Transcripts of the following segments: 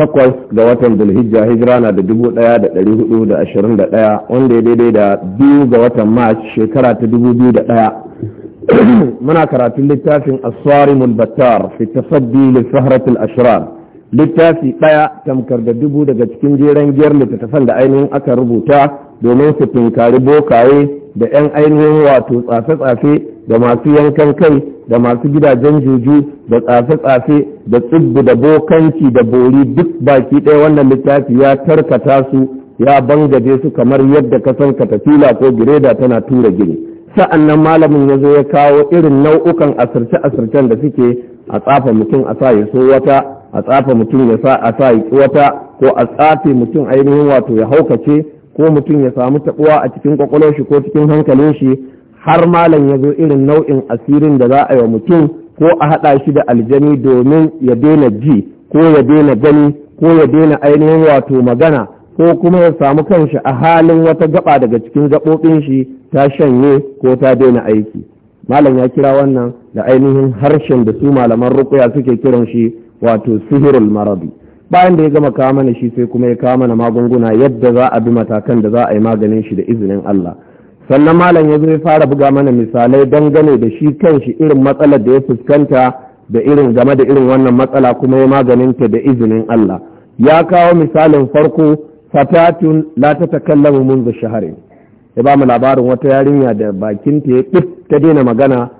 takwas ga watan zulhijja hijira na da dubu daya da dari hudu da ashirin da daya wanda ya daidai da biyu ga watan march shekara ta dubu biyu da daya muna karatun littafin aswari mulbattar fi tasaddi li sahratil ashrar littafi daya tamkar da dubu daga cikin jeren giyar littattafan da ainihin aka rubuta domin su tunkari bokaye da yan ainihin wato tsafe-tsafe da masu yankan kai da masu gidajen juju da tsafe-tsafe da tsibbi da bokanci da bori duk baki ɗaya wannan littafi ya tarkata su ya bangaje su kamar yadda ka san katafila ko gireda tana tura gini sa'an nan malamin ya zo ya kawo irin nau'ukan asirce-asircen da suke a tsafa mutum a sa ya so wata a tsafa mutum ya sa a sa ya wata ko a tsafe mutum ainihin wato ya haukace ko mutum ya samu taɓuwa a cikin kwakwalwar shi ko cikin hankalin shi har malam ya zo irin nau'in asirin da za a yi wa mutum ko a haɗa shi da aljani domin ya daina ji ko ya daina gani ko ya daina ainihin wato magana ko kuma ya samu kanshi a halin wata gaba daga cikin gaɓoɓin shi ta shanye ko ta daina aiki malam ya kira wannan da ainihin harshen da su malaman rukuya suke kiran shi wato sihirul marabi bayan da ya gama kawo mana shi sai kuma ya kawo mana magunguna yadda za a bi matakan da za a yi maganin shi da izinin Allah sannan malam ya zo ya fara buga mana misalai dangane da shi kan shi irin matsalar da ya fuskanta da irin game da irin wannan matsala kuma ya maganinta da izinin Allah ya kawo misalin farko fatatun la ta takallamu munzu shaharin ya ba mu labarin wata yarinya da bakinta ya dip ta daina magana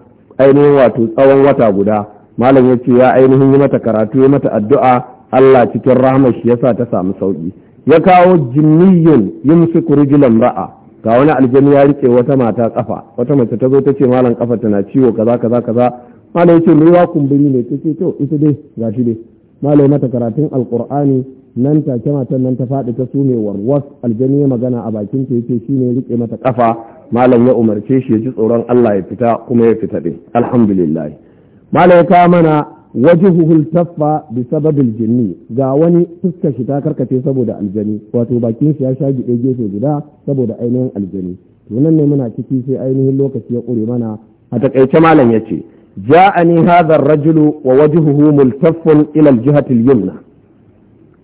ainihin wato tsawon wata guda malam ya ce ya ainihin yi mata karatu ya mata addu'a Allah cikin rahmar shi yasa ta samu sauki ya kawo jinniyun yumsiku rijilan ra'a ga wani aljani ya rike wata mata kafa wata mace ta zo ta ce malam kafa tana ciwo kaza kaza kaza malam ya ce ruwa kumburi ne ta ce to ita dai gashi dai malam mata karatun alqur'ani nan take matan nan ta faɗi ta sume warwas aljani ya magana a bakin ta yace shine rike mata kafa malam ya umarce shi ya ji tsoron Allah ya fita kuma ya fita din alhamdulillah malam ya kawo mana وجهه التفى بسبب الجن ga wani fuskar shi ta karkace saboda aljani wato bakin shi ya sha gide gefe guda saboda ainihin aljani to nan ne muna ciki sai ainihin lokaci ya kure mana a takaice malam yace ja'ani hadha ar-rajulu wa wajhuhu multaffun ila al-jihati al-yumna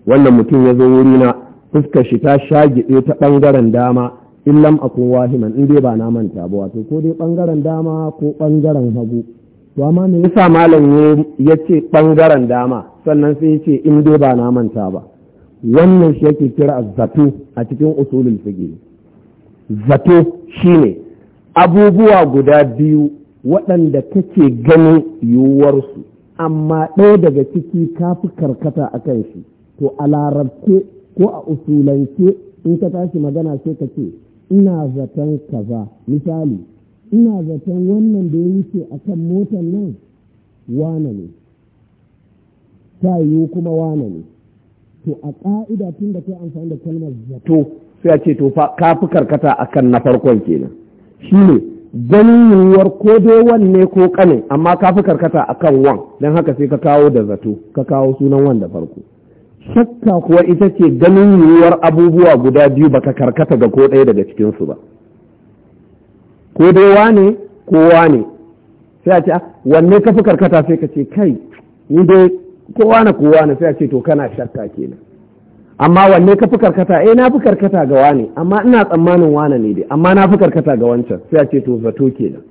wannan mutum ya zo wuri na fuskar shi ta gide ta bangaren dama illam akun wahiman in dai ba na manta ba wato ko dai bangaren dama ko bangaren hagu to ya me yasa malam ya ce ɓangaren dama sannan sai ya ce in dai ba na manta ba wannan shi yake kira zato a cikin usulul fiqh zato shine abubuwa guda biyu waɗanda kake ganin yiwuwarsu amma ɗaya daga ciki ka fi karkata a kan shi to a larabce ko a usulance in ka tashi magana sai ka ce ina zaton kaza misali ina zaton wannan da ya wuce a kan motar nan wane ne ta yiwu kuma wane ne to a ƙa'ida tun da yi amfani da kalmar zato sai a ce to ka fi karkata a kan na farkon kenan shi ne ganin yiwuwar ko dai wanne ko ƙane amma ka fi karkata a kan wan don haka sai ka kawo da zato ka kawo sunan wan da farko shakka kuwa ita ce ganin yiwuwar abubuwa guda biyu baka karkata ga ko ɗaya daga cikinsu ba ko dai wane ko wane sai a ce ah, wanne ka fi karkata sai ka ce kai ni dai ko wane ko wane sai a ce to kana shakka kenan amma wanne ka fi karkata eh na fi karkata ga wane amma ina tsammanin wane ne dai amma na fi karkata ga wancan sai a ce to zato kenan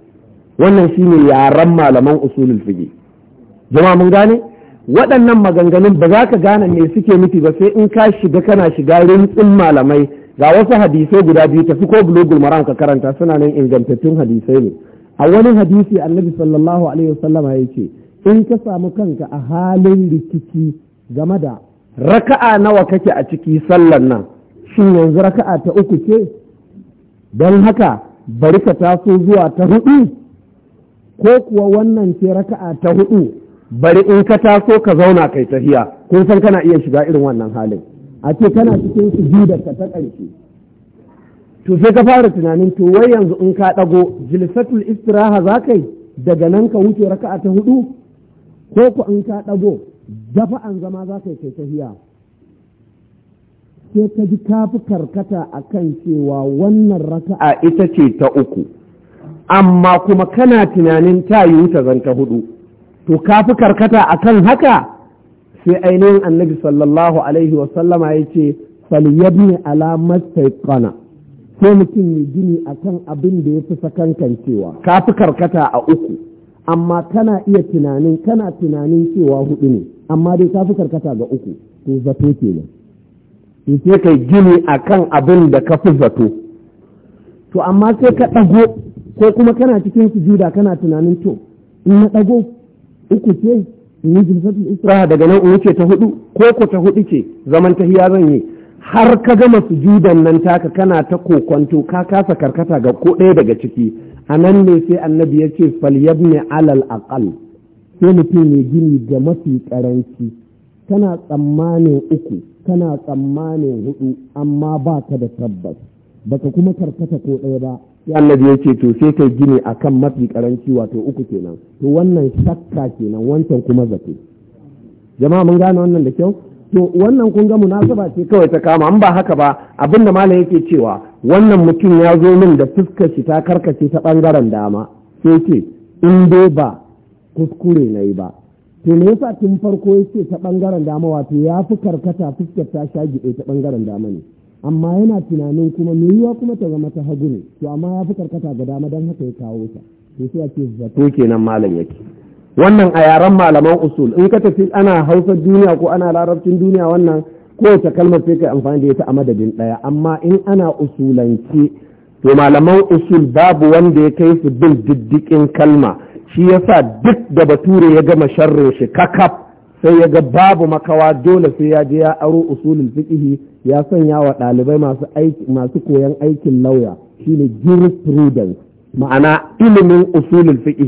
wannan shine yaren malaman usulul fiqh jama'a mun gane waɗannan maganganun ba za ka gane me suke miki ba sai in ka shiga kana shiga rintsin malamai ga wasu hadisai guda biyu tafi ko bulogul maram ka karanta suna nan ingantattun hadisai ne a wani hadisi annabi sallallahu alaihi wasallama ya ce in ka samu kanka a halin rikici game da raka'a nawa kake a ciki sallan nan shin yanzu raka'a ta uku ce don haka bari ka taso zuwa ta hudu ko kuwa wannan ce raka'a ta hudu bari in ka taso ka zauna kai tahiya kun san kana iya shiga irin wannan halin a ce kana cikin ji da ta ƙarshe to sai ka fara tunanin to wai yanzu in ka ɗago jilisatul istiraha za ka yi daga nan ka wuce raka'a ta hudu ko ku in ka ɗago dafa'an zama za ka yi kai tafiya sai ka ji ka fi karkata a kan cewa wannan raka'a ita ce ta uku amma kuma kana tunanin ta yi wuta zan ta hudu to ka fi karkata a kan haka sai ainihin annabi sallallahu alaihi wasallama ya ce faliyabni ala mastaiqana sai mutum ya gini akan abin da ya fi sakankancewa ka fi karkata a uku amma kana iya tunanin kana tunanin cewa hudu ne amma dai ka fi karkata ga uku to zato kenan sai kai gini akan abin da ka fi zato to amma sai ka ɗago ko kuma kana cikin sujuda kana tunanin to in na ɗago uku ce ni jilsatul isra daga nan wuce ta hudu ko ko ta hudu ce zaman hiya zan yi har ka gama sujudan nan taka kana ta kokonto ka kasa karkata ga ko ɗaya daga ciki a nan ne sai annabi ya ce falyabni alal aqal sai mutum ne gini ga mafi ƙaranci. kana tsammanin uku kana tsammanin hudu amma ba ka da tabbas baka kuma karkata ko ɗaya ba sai annabi ya ce to sai kai gini kan mafi karanci wato uku kenan to wannan shakka kenan wancan kuma zato jama'a mun gane wannan da kyau to wannan kun ga munasaba ce kawai ta kama an ba haka ba abinda malam yake cewa wannan mutum ya zo min da fuskar shi ta karkace ta bangaren dama sai ce in dai ba kuskure na yi ba to me yasa tun farko ya ce ta bangaren dama wato ya fi karkata fuskar ta shagi ta bangaren dama ne amma yana tunanin kuma me yiwa kuma ta zama ta hagu ne to amma ya fi karkata ga dama don haka ya kawo ta to sai ake zato kenan malam yake wannan a yaren malaman usul in ka tafi ana hausa duniya ko ana larabcin duniya wannan kowace kalmar sai kai amfani da ita a madadin ɗaya amma in ana usulance to malaman usul babu wanda ya kai su bin diddikin kalma shi yasa duk da bature ya gama sharrin shi kakaf sai ya ga babu makawa dole sai ya je ya aro usulul fiqhi ya sanya wa ɗalibai masu masu koyan aikin lauya shine jurisprudence ma'ana ilimin usulul fiqh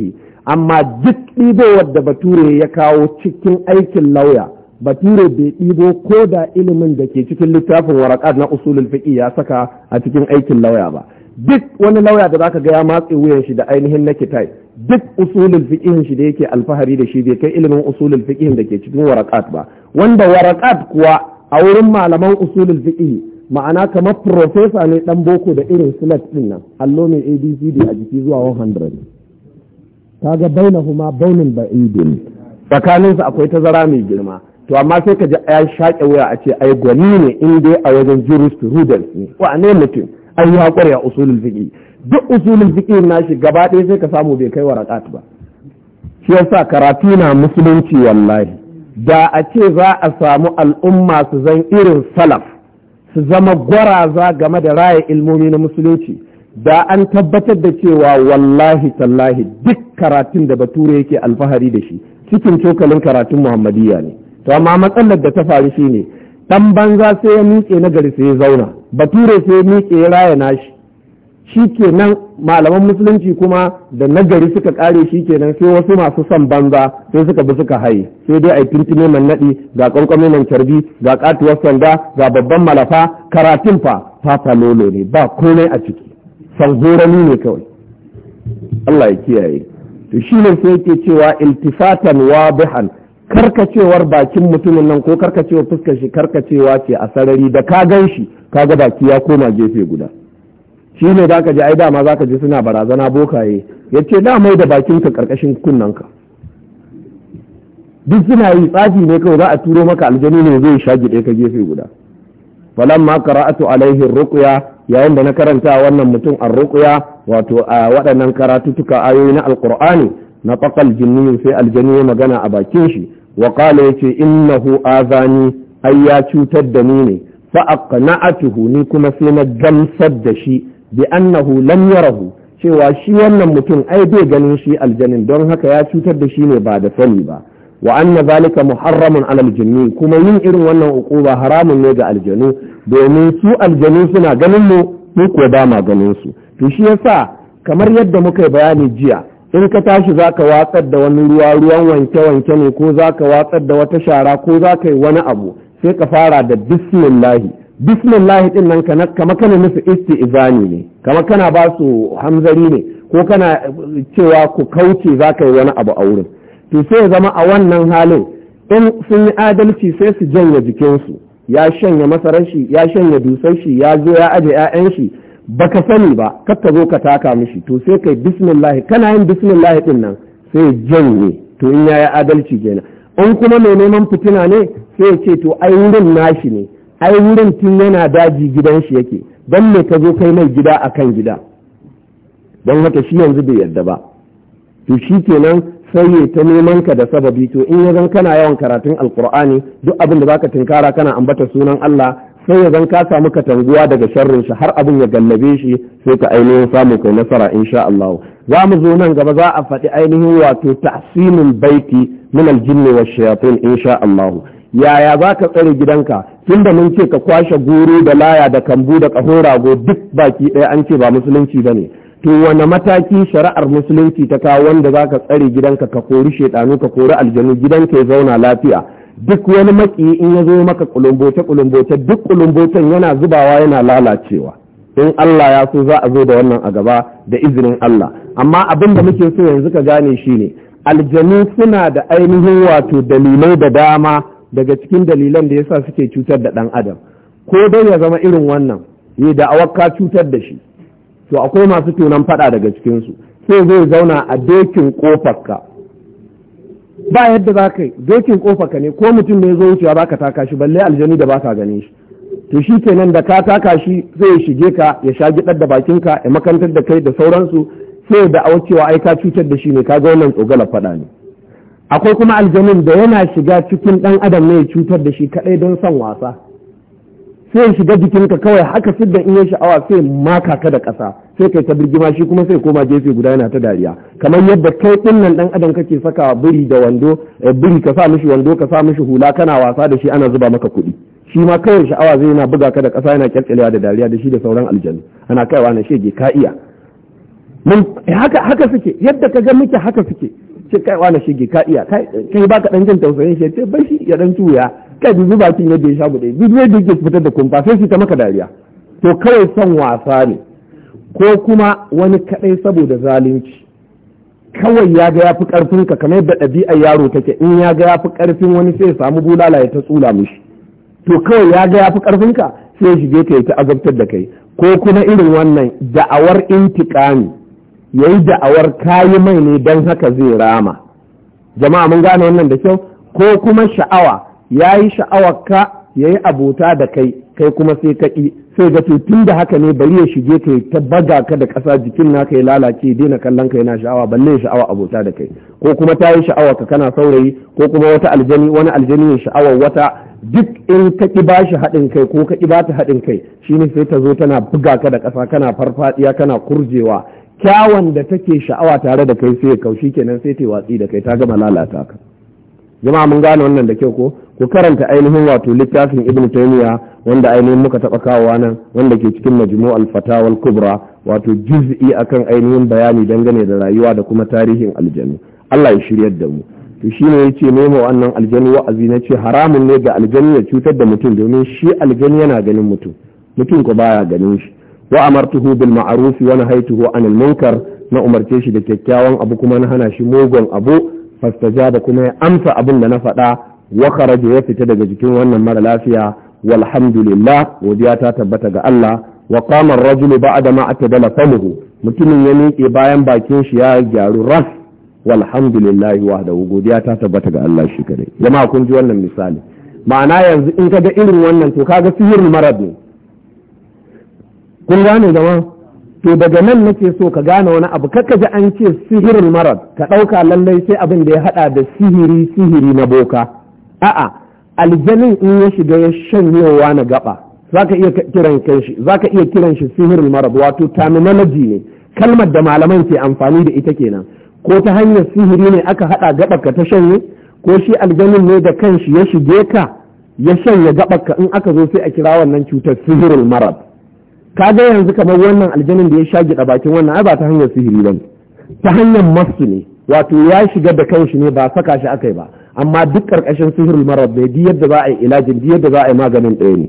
amma duk ɗibo wadda bature ya kawo cikin aikin lauya bature bai ɗibo ko da ilimin da ke cikin littafin warakat na usulul fiqh ya saka a cikin aikin lauya ba duk wani lauya da zaka ga ya matse wuyan shi da ainihin na kitai duk usulul fiqh shi da yake alfahari da shi bai kai ilimin usulul fiqh da ke cikin warakat ba wanda warakat kuwa a wurin malaman usulul fiqh ma'ana kamar professor ne dan boko da irin silat din nan allo ne abcd a jiki zuwa 100 kaga huma baunin ba'idin tsakanin su akwai tazara mai girma to amma sai ka ji ya shaƙe wuya a ce ai gwani ne in dai a wajen jurisprudence ne wa ne mutum ai ya ƙware a usulul fiqh duk usulul fiqh na shi gaba ɗaya sai ka samu bai kai warakat ba shi yasa karatu na musulunci wallahi da a ce za a samu al'umma su zan irin salaf su zama gwaraza game da raya ilmomi na musulunci da an tabbatar da cewa wallahi tallahi duk karatun da bature yake alfahari da shi cikin cokalin karatun muhammadiyya ne to amma matsalar da ta faru shine dan banza sai ya miƙe na gari sai ya zauna bature sai ya miƙe ya raya nashi shi kenan malaman musulunci kuma da nagari suka kare shi kenan sai wasu masu son banza sai suka bi suka haye sai dai a yi man naɗi ga ƙwanƙwame man carbi ga katuwar sanda ga babban malafa karatun fa fata lolo ne ba komai a ciki san ne kawai Allah ya kiyaye to shi ne sai yake cewa iltifatan wadihan karkacewar bakin mutumin nan ko karkacewar fuskar shi karkacewa ce a sarari da ka gan shi kaga baki ya koma gefe guda shi ne za ka ji ai dama za ka ji suna barazana bokaye ya ce na mai da bakinka karkashin kunnanka duk suna yi tsafi ne kawai za a turo maka aljanu ne zai sha gide ka gefe guda falan ma karatu alaihi ruqya yayin da na karanta wannan mutum ar-ruqya wato a waɗannan karatutuka ayoyi na alqur'ani na faqal jinni sai aljanu ya magana a bakin shi wa qala yace innahu azani ai ya cutar da ni ne fa aqna'atuhu ni kuma sai na gamsar da shi bi annahu lam yarahu cewa shi wannan mutum ai bai ganin shi aljanin don haka ya cutar da shi ne ba da sani ba wa anna zalika muharramun ala kuma yin irin wannan uquba haramun ne ga aljanu domin su aljanu suna ganin mu mu ko ba ma ganin su to shi yasa kamar yadda muka yi bayani jiya in ka tashi zaka watsar da wani ruwa ruwan wanke wanke ne ko zaka watsar da wata shara ko zaka yi wani abu sai ka fara da bismillahi Bismillahi din nan kana kama kana musu isti'izani ne kama kana ba su hamzari ne ko kana cewa ku kauce za ka yi wani abu a wurin to sai zama a wannan halin in sun yi adalci sai su janye jikinsu ya shanya masarar shi ya shanya dusar shi ya zo ya aje 'ya'yan shi baka sani ba kar ka zo ka taka mishi to sai kai bismillahi kana yin bismillahi din nan sai janye to in yayi adalci kenan in kuma mai neman fitina ne sai ya ce to ai wurin nashi ne ai wurin tun yana daji gidan shi yake don me ka zo kai mai gida a kan gida don haka shi yanzu bai yarda ba to shi kenan sai ya ta neman ka da sababi to in ya zan kana yawan karatun alkur'ani duk abin da za ka tinkara kana ambata sunan Allah sai ya zan ka samu katanguwa daga sharrin shi har abin ya gallabe shi sai ka ainihin samu kai nasara insha Allah za mu zo nan gaba za a faɗi ainihin wato tahsinul baiti min aljinni wash shayatin insha Allah yaya za ka tsare gidanka tun da mun ce ka kwashe goro da laya da kambu da ƙaho rago duk baki ɗaya an ce ba musulunci ba ne to wane mataki shari'ar musulunci ta kawo wanda za ka tsare gidanka ka kori shaidanu ka kori aljanu gidanka ya zauna lafiya duk wani maki in ya zo maka kulumboce kulumboce duk kulumbotan yana zubawa yana lalacewa in Allah ya so za a zo da wannan a gaba da izinin Allah amma abin da muke so yanzu ka gane shi ne. aljanu suna da ainihin wato dalilai da dama daga cikin dalilan da yasa suke cutar da ɗan adam ko don ya zama irin wannan yi da awakka cutar da shi to akwai masu tunan faɗa daga cikinsu sai zai zauna a dokin ƙofaka. ba yadda za ka yi dokin ƙofarka ne ko mutum ne zo wucewa ba ka taka shi balle aljani da ba ka gane shi to shi kenan da ka taka shi zai shige ka ya sha gidar da bakinka ya makantar da kai da sauransu sai da cewa ai ka cutar da shi ne ka ga wannan tsogalar faɗa ne akwai kuma aljanin da yana shiga cikin ɗan adam ne ya cutar da shi kaɗai don son wasa sai ya shiga jikinka kawai haka siddan in ya sha'awa sai maka ka da ƙasa sai kai ta birgima shi kuma sai koma gefe guda yana ta dariya kamar yadda kai ɗinnan ɗan adam kake sakawa biri da wando eh, biri ka sa mishi wando ka sa mishi hula kana wasa da shi ana zuba maka kuɗi shi ma kawai sha'awa zai yana buga ka da ƙasa yana kyalkyalewa da dariya da shi da sauran aljanu ana kaiwa na shege ka iya haka haka suke yadda ka ga muke haka suke ce kai wani shige ka iya kai ba ka dan jin tausayin shi ce bai shi ya dan tuya kai dubi bakin yadda ya sha bude duk ne duk fitar da kumfa sai shi ta maka dariya to kawai son wasa ne ko kuma wani kaɗai saboda zalunci kawai ya ga ya fi karfin ka kamar yadda ɗabi'ar yaro take in ya ga ya fi karfin wani sai ya samu bulala ya ta tsula mishi to kawai ya ga ya fi karfin ka sai shige ka ya ta azabtar da kai ko kuma irin wannan da'awar intikami ya yi da'awar kayi mai ne don haka zai rama jama'a mun gane wannan da kyau ko kuma sha'awa ya yi sha'awar ka ya yi abota da kai kai kuma sai ka sai ga tun da haka ne bari ya shige ka ta baga ka da ƙasa jikin naka ya lalace daina kallon ka yana sha'awa balle sha'awa abota da kai ko kuma ta yi sha'awa ka kana saurayi ko kuma wata aljani wani aljani ya sha'awar wata duk in ka ƙi ba shi haɗin kai ko ka ƙi ba ta haɗin kai shine sai ta zo tana buga ka da ƙasa kana farfaɗiya kana kurjewa kyawun da take sha'awa tare da kai sai ya kaushi kenan sai ta watsi da kai ta gama lalata ka jama'a mun gane wannan da kyau ko ku karanta ainihin wato littafin ibn taymiya wanda ainihin muka taɓa kawowa nan wanda ke cikin majmu' al-fatawa al-kubra wato juz'i akan ainihin bayani dangane da rayuwa da kuma tarihin aljanu Allah ya shiryar da mu to shine yace nemo wannan aljanu wa'azi na ce haramun ne ga aljanu ya cutar da mutum domin shi aljanu yana ganin mutum mutum ko baya ganin shi wa amartuhu bil ma'ruf wa nahaytuhu anil munkar na umarce shi da kyakkyawan abu kuma na hana shi mugun abu fastajaba kuma ya amsa abin da na faɗa wa kharaja ya fita daga jikin wannan mara lafiya walhamdulillah godiya ta tabbata ga Allah wa qama ar-rajulu ba'da ma atadala famuhu mutumin ya miƙe bayan bakin shi ya gyaru ras walhamdulillah wahdahu godiya ta tabbata ga Allah shi kadai jama'a kun ji wannan misali ma'ana yanzu in kaga irin wannan to kaga sihirin marar ne kun gane gama to daga nan nake so ka gane wani abu kaka ji an ce sihirin marad ka ɗauka lallai sai abin da ya haɗa da sihiri sihiri na boka a'a aljanin in ya shiga ya shanyewa na gaba zaka iya kiran kanshi zaka iya kiran shi sihirin marad wato terminology ne kalmar da malaman ke amfani da ita kenan ko ta hanyar sihiri ne aka haɗa ka ta shanye ko shi aljanin ne da kanshi ya shige ka ya shanye ka in aka zo sai a kira wannan cutar sihirin marad kaga yanzu kamar wannan aljanin da ya shagi da bakin wannan ai ba ta hanyar sihiri ba, ta hanyar masu ne wato ya shiga da kanshi ne ba saka shi akai ba amma duk karkashin sihirul marar bai di yadda za a yi ilajin di yadda za a yi maganin ɗaya ne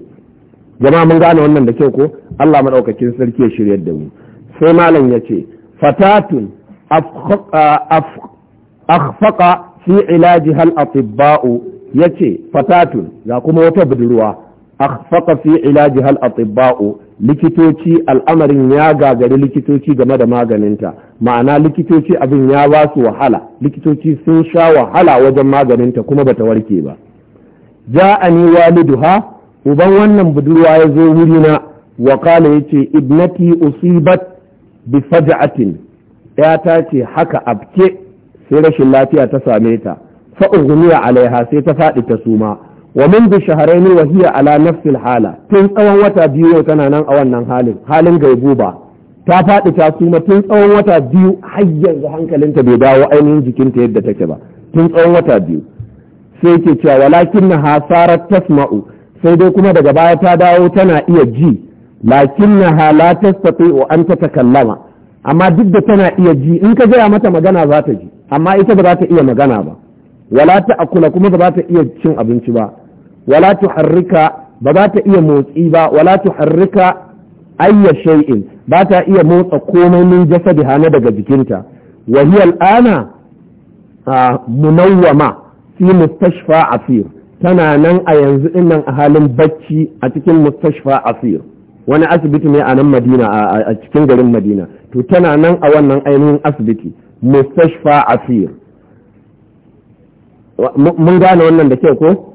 jama'a mun gane wannan da kyau ko Allah madaukakin sarki ya shiryar da mu sai malam ya ce fatatun akhfaqa fi ilaji hal atibba'u yace fatatun ga kuma wata budurwa akhfaqa fi ilaji hal atibba'u likitoci al'amarin ya gagari likitoci game da maganinta ma'ana likitoci abin ya ba su wahala likitoci sun sha wahala wajen maganinta kuma bata warke ba ja'ani waliduha uban wannan budurwa ya zo wurina Wakala kala yace ibnati usibat bi faj'atin ta ce haka abke sai rashin lafiya ta same ta fa alaiha sai ta faɗi ta suma wa min bi shahrayn wa hiya ala nafsil hala tun tsawon wata biyu tana nan a wannan halin halin ba ta faɗi ta suma tun tsawon wata biyu har yanzu hankalinta bai dawo ainihin jikinta yadda take ba tun tsawon wata biyu sai ke cewa walakin na tasma'u sai dai kuma daga baya ta dawo tana iya ji lakin na halatar tafi'o an ta takallama amma duk da tana iya ji in ka gaya mata magana za ta ji amma ita ba za ta iya magana ba wala ta akula kuma ba za ta iya cin abinci ba wala tuharrika ba za ta iya motsi ba wala tuharrika ayya shay'in ba ta iya motsa komai min jasadi hana daga jikinta wa hiya al'ana munawwama fi mustashfa asir tana nan a yanzu nan a halin bacci a cikin mustashfa asir wani asibiti ne a nan madina a cikin garin madina to tana nan a wannan ainihin asibiti mustashfa asir mun gane wannan da kyau ko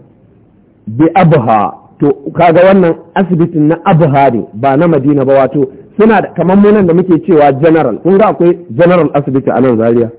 bi abha to kaga wannan asibitin na abha ne ba na madina ba wato suna da kamar munan da muke cewa general kun ga akwai general asibiti a nan zaria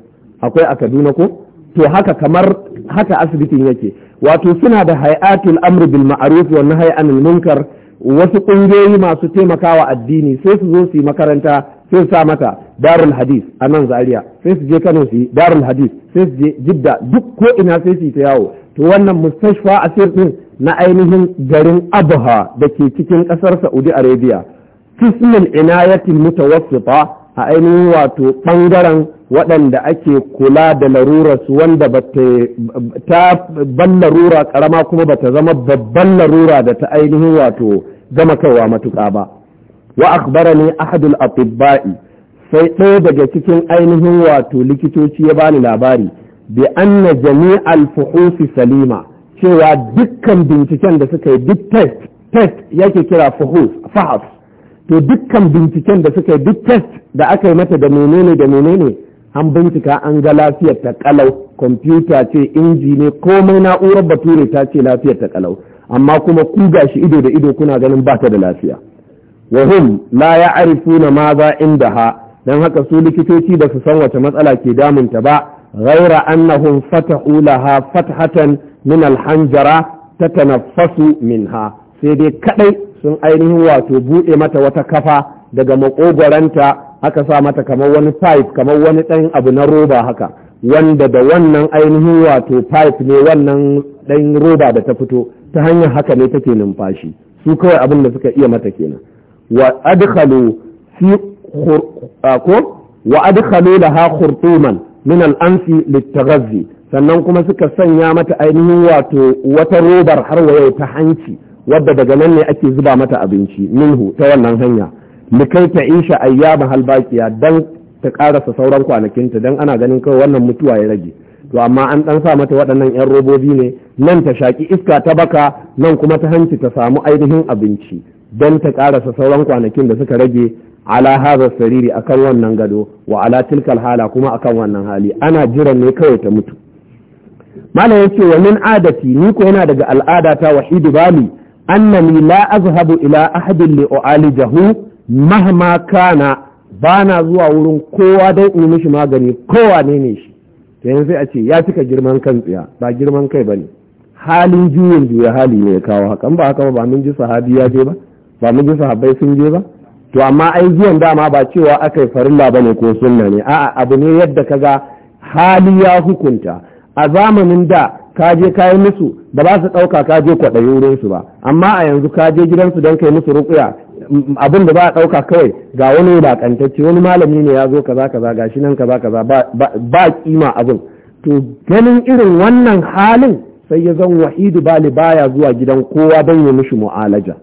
akwai a kaduna ko to haka kamar haka asibitin yake wato suna da hay'atul amr bil ma'ruf wa nahy anil munkar wasu kungiyoyi masu taimakawa addini sai su zo su makaranta sai su sa mata darul hadis a nan zaria sai su je kano su darul hadis sai su je jidda duk ko ina sai su yi ta yawo to wannan mustashfa asir din na ainihin garin abuha da ke cikin ƙasar saudi arabia kismin inayatin mutawassita a ainihin wato bangaren waɗanda ake kula da larurarsu wanda ta ban larura karama kuma ba ta zama babban larura da ta ainihin wato gama kaiwa matuƙa ba wa akbara ne ahadul atibba'i sai ɗaya daga cikin ainihin wato likitoci ya bani labari bi anna jami'al fuhufi salima cewa dukkan binciken da suka yi duk test test yake kira fuhus fahas to dukkan binciken da suka yi duk test da aka yi mata da menene da menene an bincika an ga lafiyar ta kalau kwamfuta ce inji ne komai na'urar bature ta ce lafiyar ta kalau amma kuma ku gashi ido da ido kuna ganin ba ta da lafiya wa hum la ya'rifuna ma za ha dan haka su likitoci da su san wace matsala ke damunta ba غير أنهم فتحوا لها فتحة من الحنجرة تتنفس minha sai dai سن sun هو wato متى mata wata kafa daga هكا سامتا mata kamar wani kamar wani ɗan na roba da wannan ainihin wato pipe ne wannan ɗan roba da ta fito ta hanyar haka ne take numfashi su kawai abin da suka iya mata kenan wa adkhalu min al'amfi littagazzi sannan kuma suka sanya mata ainihin wato wata robar har wayo ta hanci wadda daga nan ne ake zuba mata abinci minhu ta wannan hanya likai ta isha ayyaba halbakiya dan ta karasa sauran kwanakinta dan ana ganin kawai wannan mutuwa ya rage to amma an dan sa mata waɗannan yan robobi ne nan ta shaki iska ta baka nan kuma ta hanci ta samu ainihin abinci dan ta karasa sauran kwanakin da suka rage ala hadha sariri akan wannan gado wa ala tilkal hala kuma akan wannan hali ana jiran ne kawai ta mutu malam yace wa min adati ni ko yana daga al'ada ta wa bali annani la azhabu ila ahadin li u'alijahu mahma kana bana zuwa wurin kowa don in mishi magani kowa ne ne shi to yanzu sai a ce ya cika girman kan tsiya ba girman kai bane halin juyin juya hali ne ya kawo hakan ba haka ba mun ji sahabi ya je ba ba mun ji sahabbai sun je ba to amma ai zuwan dama ba cewa aka yi farilla ne ko sunna ne a'a abu ne yadda kaga hali ya hukunta a zamanin da ka je musu ba ba su ɗauka ka je kwaɗayi wurinsu ba amma a yanzu kaje gidansu don kai musu rukuya abin da ba a ɗauka kawai ga wani wulaƙantacce wani malami ne ya zo kaza kaza ga shi nan kaza kaza ba kima abin to ganin irin wannan halin sai ya zan wahidu bali baya zuwa gidan kowa don ya mishi mu'alaja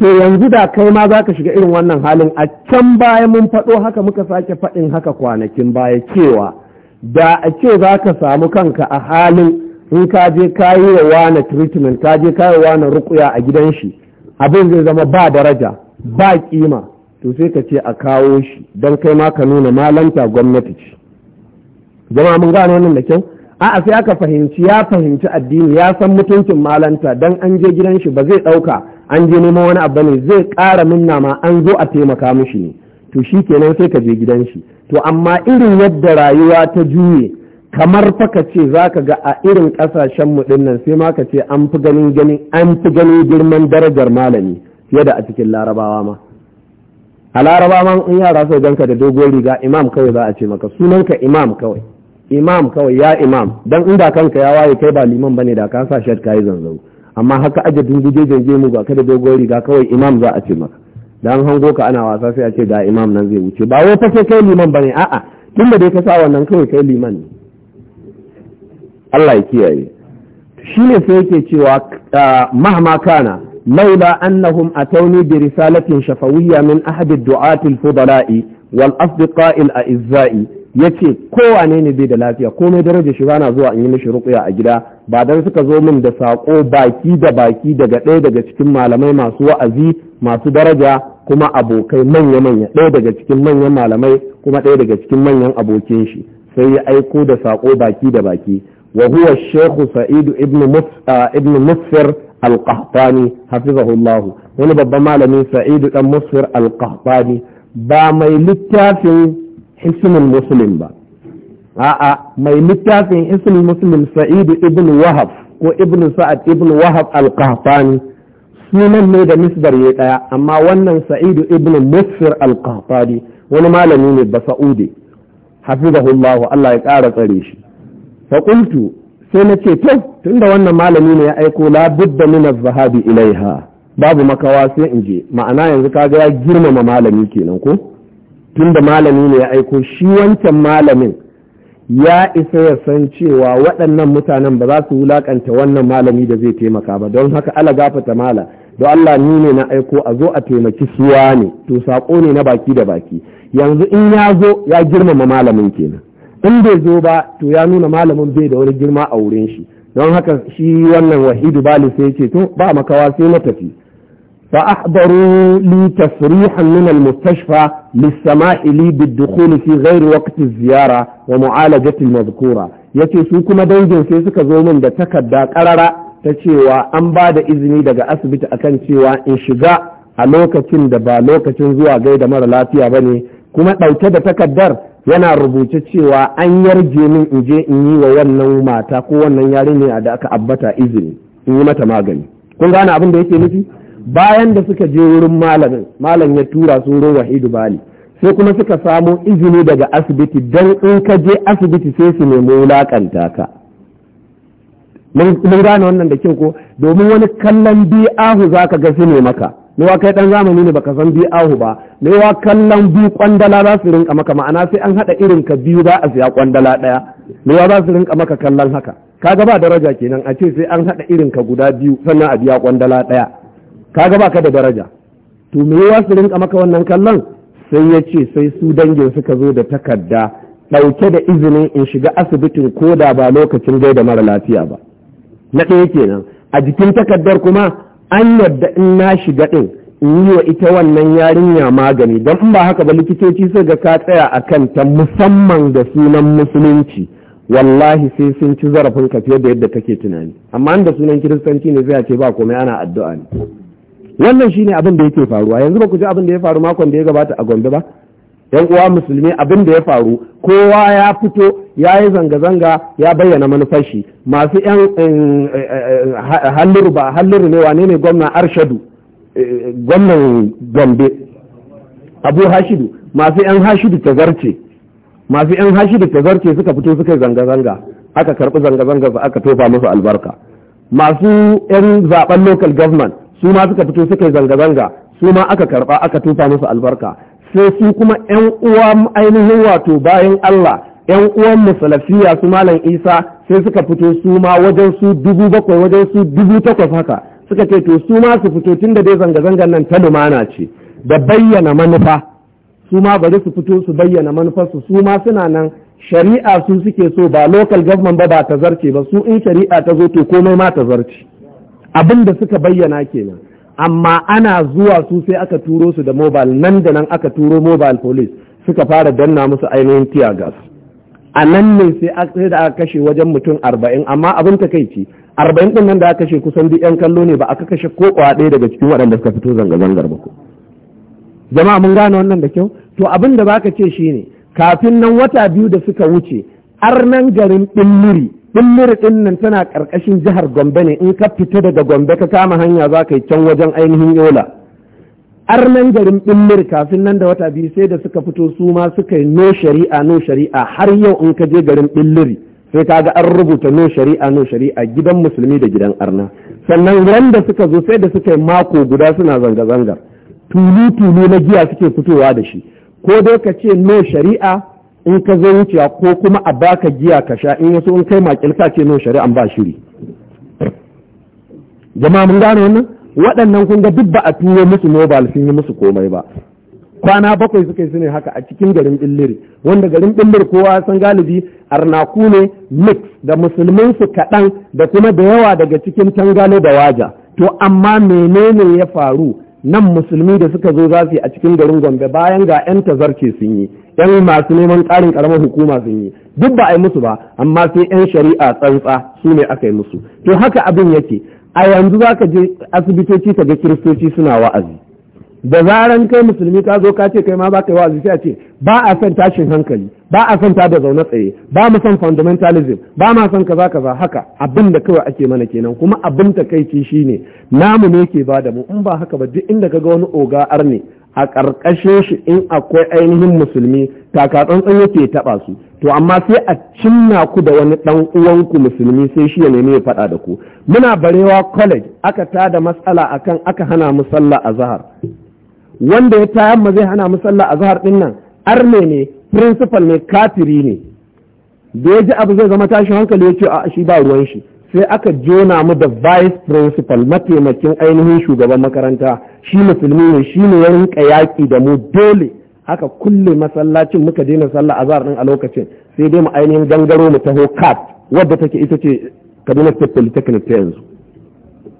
to yanzu da kai ma za ka shiga irin wannan halin a can baya mun faɗo haka muka sake faɗin haka kwanakin baya cewa da a ce za ka samu kanka a halin in ka je ka yi wa wani treatment ka je ka yi wa rukuya a gidan shi abin zai zama ba daraja ba kima to sai ka ce a kawo shi don kai ma ka nuna malanta gwamnati ce Zama mun gane wannan da kyau a'a sai aka fahimci ya fahimci addini ya san mutuncin malanta don an je gidan shi ba zai ɗauka an je neman wani abu ne zai ƙara minna ma an zo a taimaka mishi ne to shi kenan sai ka je gidan shi to amma irin yadda rayuwa ta juye kamar fa ka ce za ka ga a irin ƙasashen mu nan sai ma ka ce an fi ganin gani an fi ganin girman darajar malami fiye da a cikin larabawa ma a larabawa in yara sai ganka da dogon riga imam kawai za a ce maka sunanka imam kawai imam kawai ya imam dan inda kanka ya waye kai ba liman bane da ka sa shed kai zanzau amma haka ajabin guje janje mu ba kada dogon riga kawai imam za a ce maka dan hango ka ana wasa sai a ce ga imam nan zai wuce ba wai fa sai kai liman bane a'a tunda dai ka sa wannan kawai kai liman ne Allah ya kiyaye shi ne sai yake cewa mahma kana laula annahum atawni bi risalatin shafawiyya min ahadi Du'atil, fudalai wal asdiqa'i a aizzai ya ce kowane ne bai da lafiya komai daraja shi bana zuwa in yi mishi rukuya a gida ba dan suka zo min da saƙo baki da baki daga ɗaya daga cikin malamai masu wa'azi masu daraja kuma abokai manya-manya ɗaya daga cikin manyan malamai kuma ɗaya daga cikin manyan abokin shi sai ya aiko da saƙo baki da baki wahuwa huwa shehu sa'idu ibn musfir al-qahtani hafizahullahu wani babban malamin sa'idu dan musfir al-qahtani ba mai littafin hisnul muslim ba a'a mai littafin ismin muslim Sa'idu ibn wahab ko ibn sa'ad ibn wahab al-qahtani sunan ne da misbar ya daya amma wannan Sa'idu ibn musfir al-qahtani wani malami ne ba sa'udi hafizahullahu Allah ya ƙara tsare shi fa qultu sai na ce to tunda wannan malami ne ya aiko la budda min az-zahabi ilaiha babu makawa sai in je ma'ana yanzu kaga ya girmama malami kenan ko tunda malami ne ya aiko shi wancan malamin ya isa ya san cewa waɗannan mutanen ba za su wulaƙanta wannan malami da zai taimaka ba don haka ala gafata mala da Allah ni ne na aiko a zo a taimaki suwa ne to saƙo ne na baki da baki yanzu in ya zo ya girmama malamin kenan in bai zo ba to ya nuna malamin bai da wani girma a wurin shi don haka shi wannan wahidu bali sai ce to ba makawa sai na tafi فأحضروا لي تصريحا من المستشفى للسماح لي بالدخول في غير وقت الزيارة ومعالجة المذكورة yace su kuma dangin sai suka zo min da takarda karara ta cewa an ba da izini daga asibiti akan cewa in shiga a lokacin da ba lokacin zuwa gaida mara lafiya ba ne kuma ɗauke da takardar yana rubuce cewa an yarje min in je in yi wa wannan mata ko wannan yarinya da aka abbata izini in yi mata magani kun gane abin da yake nufi bayan da suka je wurin malamin malam ya tura su wurin wahidu bali sai kuma suka samo izini daga asibiti don in ka je asibiti sai su nemi wulakanta ka mun gane wannan da kyau ko domin wani kallon ahu za ka ga su ne maka wa kai dan zamani ne baka san ahu ba wa kallon bi kwandala za su rinka maka ma'ana sai an hada irin ka biyu za a siya kwandala daya wa za su rinka maka kallon haka kaga ba daraja kenan a ce sai an hada irin ka guda biyu sannan a biya kwandala daya kaga ka da daraja to me yawa su rinka maka wannan kallon sai ya ce sai su dangin suka zo da takarda ɗauke da izinin in shiga asibitin ko da ba lokacin gai da mara lafiya ba na ɗaya kenan a jikin takardar kuma an yadda in na shiga ɗin in yi wa ita wannan yarinya magani don in ba haka ba likitoci sai ga ka tsaya a kanta musamman da sunan musulunci wallahi sai sun ci zarafin ka fiye da yadda kake tunani amma da sunan kiristanci ne zai ce ba komai ana addu'a ne wannan shine abin da yake faruwa yanzu ba ku ji abin da ya faru makon da ya gabata a Gombe ba yan uwa musulmi abin da ya faru kowa ya fito ya yi zanga-zanga ya bayyana manufar shi masu yan eh, eh, eh, halliru ba halliru ne wane ne gwamna arshadu gwamnan gombe abu hashidu masu yan hashidu ta zarce masu yan hashidu ta zarce suka fito suka yi zanga-zanga aka karɓi zanga-zanga aka tofa musu albarka masu yan zaben local government su ma suka fito suka yi zanga-zanga su ma aka karba aka tufa musu albarka sai su kuma yan uwa ainihin wato bayan Allah yan uwan musulafiya su malam Isa sai suka fito su ma wajen su dubu bakwai wajen su dubu takwas haka suka ce to su ma su fito tun da dai zanga-zangan nan ta lumana ce da bayyana manufa su ma bari su fito su bayyana manufarsu su ma suna nan shari'a su suke so ba local government ba ba ta zarce ba su in shari'a ta zo to komai ma ta zarce abin da suka bayyana kenan amma ana zuwa su sai aka turo su da mobile nan da nan aka turo mobile police suka fara danna musu ainihin tear gas a nan ne sai da aka kashe wajen mutum arba'in amma abin takaici arba'in din nan da aka kashe kusan duk yan kallo ne ba aka kashe ko ɗaya daga cikin waɗanda suka fito zanga-zangar ba ko jama'a mun gane wannan da kyau to abin da baka ce shine kafin nan wata biyu da suka wuce arnan garin muri. Binnir ɗin nan tana ƙarƙashin jihar Gombe ne in ka fita daga Gombe ka kama hanya za ka yi can wajen ainihin Yola. Arnan garin Binnir kafin nan da wata biyu sai da suka fito su ma suka yi no shari'a no shari'a har yau in ka je garin liri sai ka ga an rubuta no shari'a no shari'a gidan musulmi da gidan arna. Sannan ran suka zo sai da suka yi mako guda suna zanga-zangar. Tulu-tulu na giya suke fitowa da shi. Ko dai ka ce no shari'a in ka zo wuciya ko kuma a baka giya ka sha in wasu in kai makil ka ce nawa shari'an ba shiri jama'a mun gane wannan waɗannan kun ga duk ba a turo musu mobal sun yi musu komai ba kwana bakwai suka yi su ne haka a cikin garin billiri wanda garin billiri kowa san galibi arnaku ne mix da musulmin su kaɗan da kuma da yawa daga cikin tangalo da waja to amma menene ya faru nan musulmi da suka zo zafi a cikin garin gombe bayan ga 'yan tazarce sun yi 'yan masu neman ƙarin ƙaramar hukuma sun yi duk ba a yi musu ba amma sai 'yan shari'a tsantsa su ne aka yi musu to haka abin yake a yanzu za ka je asibitoci ka ga kiristoci suna wa'azi da zaran kai musulmi ka zo ka ce kai ma ba ka yi wa'azi sai a ce ba a son tashin hankali ba a son tada zaune tsaye ba mu son fundamentalism ba ma son kaza kaza haka abin da kawai ake mana kenan kuma abin ta takaici shine namu ne ke ba da mu in ba haka ba duk inda kaga wani oga arne a ƙarƙashin shi in akwai ainihin musulmi taka tsantsan yake taɓa su to amma sai a cinna ku da wani ɗan uwanku musulmi sai shi ya nemi ya faɗa da ku muna barewa college aka tada matsala akan aka hana mu sallah a zahar wanda ya tayar zai hana musalla sallah zahar din nan arme ne principal ne katiri ne da ya ji abu zai zama tashin hankali ya ce a shi ba ruwan shi sai aka jona mu da vice principal mataimakin ainihin shugaban makaranta shi musulmi ne shi ne ya rinka yaƙi da mu dole haka kulle masallacin muka daina sallah zahar din a lokacin sai dai mu ainihin gangaro mu taho kat wadda take ita ce Kaduna State Polytechnic ta yanzu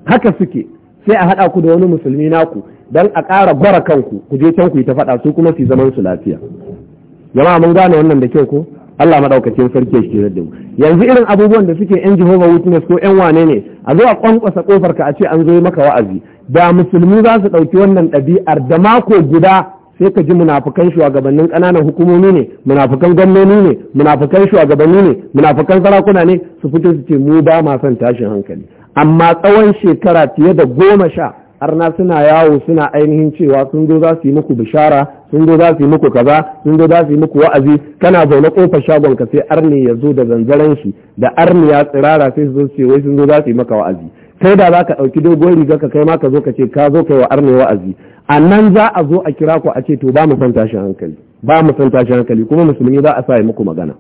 haka suke sai a haɗa ku da wani musulmi naku don a ƙara gwara kanku ku je can ku yi ta faɗa su kuma su zaman su lafiya Yama mun gane wannan da kyau ko Allah madaukakin sarki ya shirya da mu yanzu irin abubuwan da suke yan Jehova Witness ko yan wane ne a zo a kwankwasa kofar ka a ce an zo maka wa'azi da musulmi za su ɗauki wannan ɗabi'ar da mako guda sai ka ji munafukan shugabannin ƙananan hukumomi ne munafukan gwamnoni ne munafukan shugabanni ne munafukan sarakuna ne su fito su ce mu ba ma son tashin hankali amma tsawon shekara fiye da goma sha arna suna yawo suna ainihin cewa sun zo za su yi muku bishara sun zo za su yi muku kaza sun zo za su yi muku wa'azi kana zaune kofar shagon ka sai arni ya zo da zanzaren shi da arni ya tsirara sai su zo su wai sun zo za su yi maka wa'azi kai da za ka ɗauki dogon riga ka kai ma ka zo ka ce ka zo kai wa arni wa'azi a nan za a zo a kira ku a ce to ba mu san tashin hankali ba mu san tashin hankali kuma musulmi za a sa yi muku magana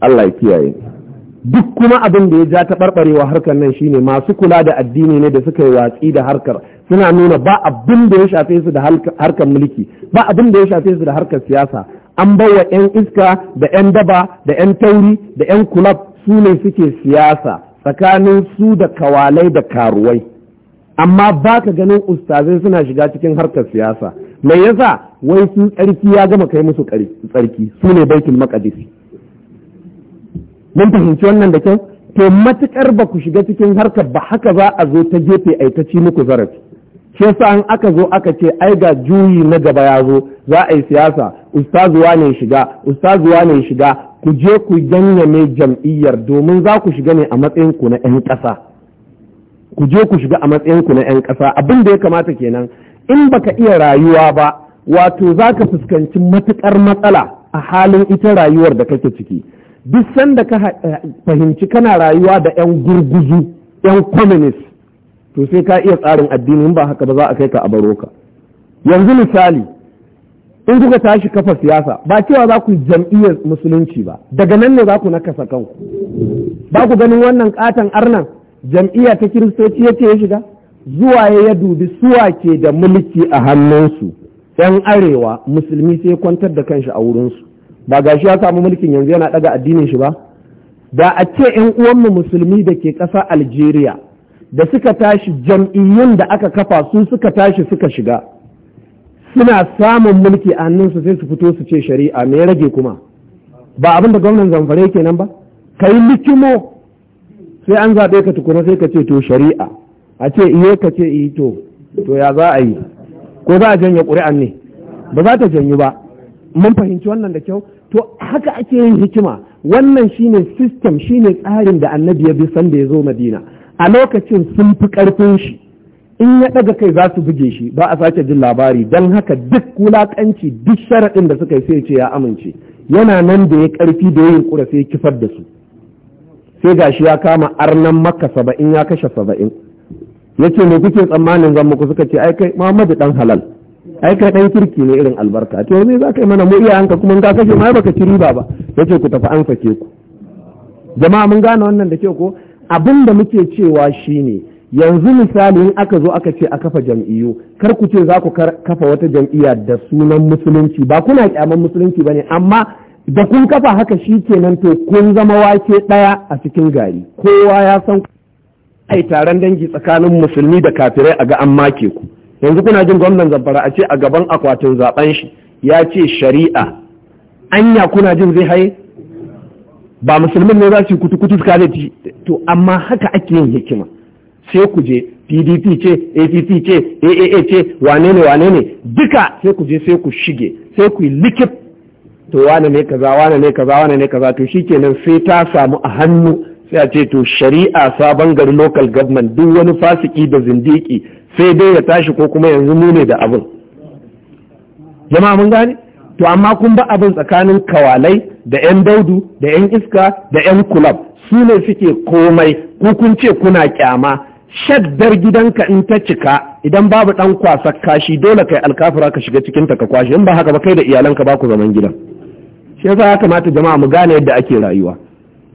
Allah ya kiyaye. duk kuma abin da ya ja ta barbarewa harkar nan shine masu kula da addini ne da suka yi watsi da harkar suna nuna ba abin da ya shafe su da harkar mulki ba abin da ya shafe su da harkar siyasa an bawa 'yan iska da 'yan daba da 'yan tauri da 'yan kulab su ne suke siyasa tsakanin su da kawalai da karuwai amma ba ka ganin ustazai suna shiga cikin harkar siyasa mai yasa wai su tsarki ya gama kai musu tsarki su ne baitul maqdisi mun fahimci wannan da kyau to matukar ba ku shiga cikin harkar ba haka za a zo ta gefe a ta ci muku zarafi shi yasa an aka zo aka ce ai ga juyi na gaba ya zo za a yi siyasa ustazuwa ne shiga ustazu ne shiga ku je ku ganyame jam'iyyar domin za ku shiga ne a matsayin ku na 'yan ƙasa ku je ku shiga a matsayin ku na 'yan ƙasa abin da ya kamata kenan in baka iya rayuwa ba wato zaka fuskanci matukar matsala a halin ita rayuwar da kake ciki duk sanda ka eh, fahimci kana rayuwa da 'yan gurguzu 'yan communist to sai ka iya tsarin addini ba haka ba za a kai ka a baro ka yanzu misali in kuka tashi kafa siyasa ba cewa za ku jam'iyyar musulunci ba daga nan ne za ku nakasa kanku ba ku ganin wannan katon arnan jam'iyya ta kiristoci ya ce ya shiga zuwa ya dubi suwa ke da mulki a hannunsu yan arewa musulmi sai kwantar da kanshi a wurinsu ba gashi ya samu mulkin yanzu yana daga addinin shi ba da a ce yan uwanmu musulmi da ke ƙasa Algeria da suka tashi jam'iyyun da aka kafa su suka tashi suka shiga suna samun mulki a hannunsu sai su fito su ce shari'a me rage kuma ba abin da gwamnan zamfare kenan ba kai likimo sai an zaɓe ka tukuna sai ka ce to shari'a a ce iye ka ce to to ya za a yi ko za a janye ƙuri'an ne ba za ta janyu ba mun fahimci wannan da kyau to haka ake yin hikima wannan shine system shine tsarin da annabi ya bi sanda ya zo madina a lokacin sun fi karfin shi in ya daga kai za su buge shi ba a sake jin labari don haka duk wulakanci duk sharaɗin da suka yi sai ce ya amince yana nan da ya karfi da yin kura sai kifar da su sai gashi ya kama arnan maka saba'in ya kashe saba'in yace me kuke tsammanin zan muku suka ce ai kai muhammadu dan halal ai kai dan kirki ne irin albarka to me za ka yi mana mu iyayenka kuma ga kashe mai baka ci riba ba yace ku tafi an fake ku jama'a mun gane wannan da ke ko Abinda muke cewa shine yanzu misali in aka zo aka ce a kafa jam'iyyu kar ku ce za ku kafa wata jam'iyya da sunan musulunci ba kuna kyaman musulunci bane amma da kun kafa haka shi kenan to kun zama wake daya a cikin gari kowa ya san ai taron dangi tsakanin musulmi da kafirai a ga an make ku yanzu kuna jin gwamnan zamfara a ce a gaban akwatin zaben shi ya ce shari'a anya kuna jin zai haye ba musulmin ne za su kutu kutu suka to amma haka ake yin hikima sai ku je pdp ce app ce aaa ce wane ne wane ne duka sai ku je sai ku shige sai ku yi likif to wane ne kaza wane ne kaza wane ne kaza to shikenan sai ta samu a hannu sai a ce to shari'a sabon gari local government duk wani fasiki da zindiki sai dai ya tashi ko kuma yanzu mu ne da abin jama'a mun gane to amma kun ba abin tsakanin kawalai da 'yan daudu da 'yan iska da 'yan kulab su ne suke komai ko kun ce kuna kyama shaddar gidanka in ta cika idan babu dan kwasa kashi dole kai alkafura ka shiga cikin ta ka kwashe in ba haka ba kai da iyalanka ba ku zaman gidan shi yasa ya kamata jama'a mu gane yadda ake rayuwa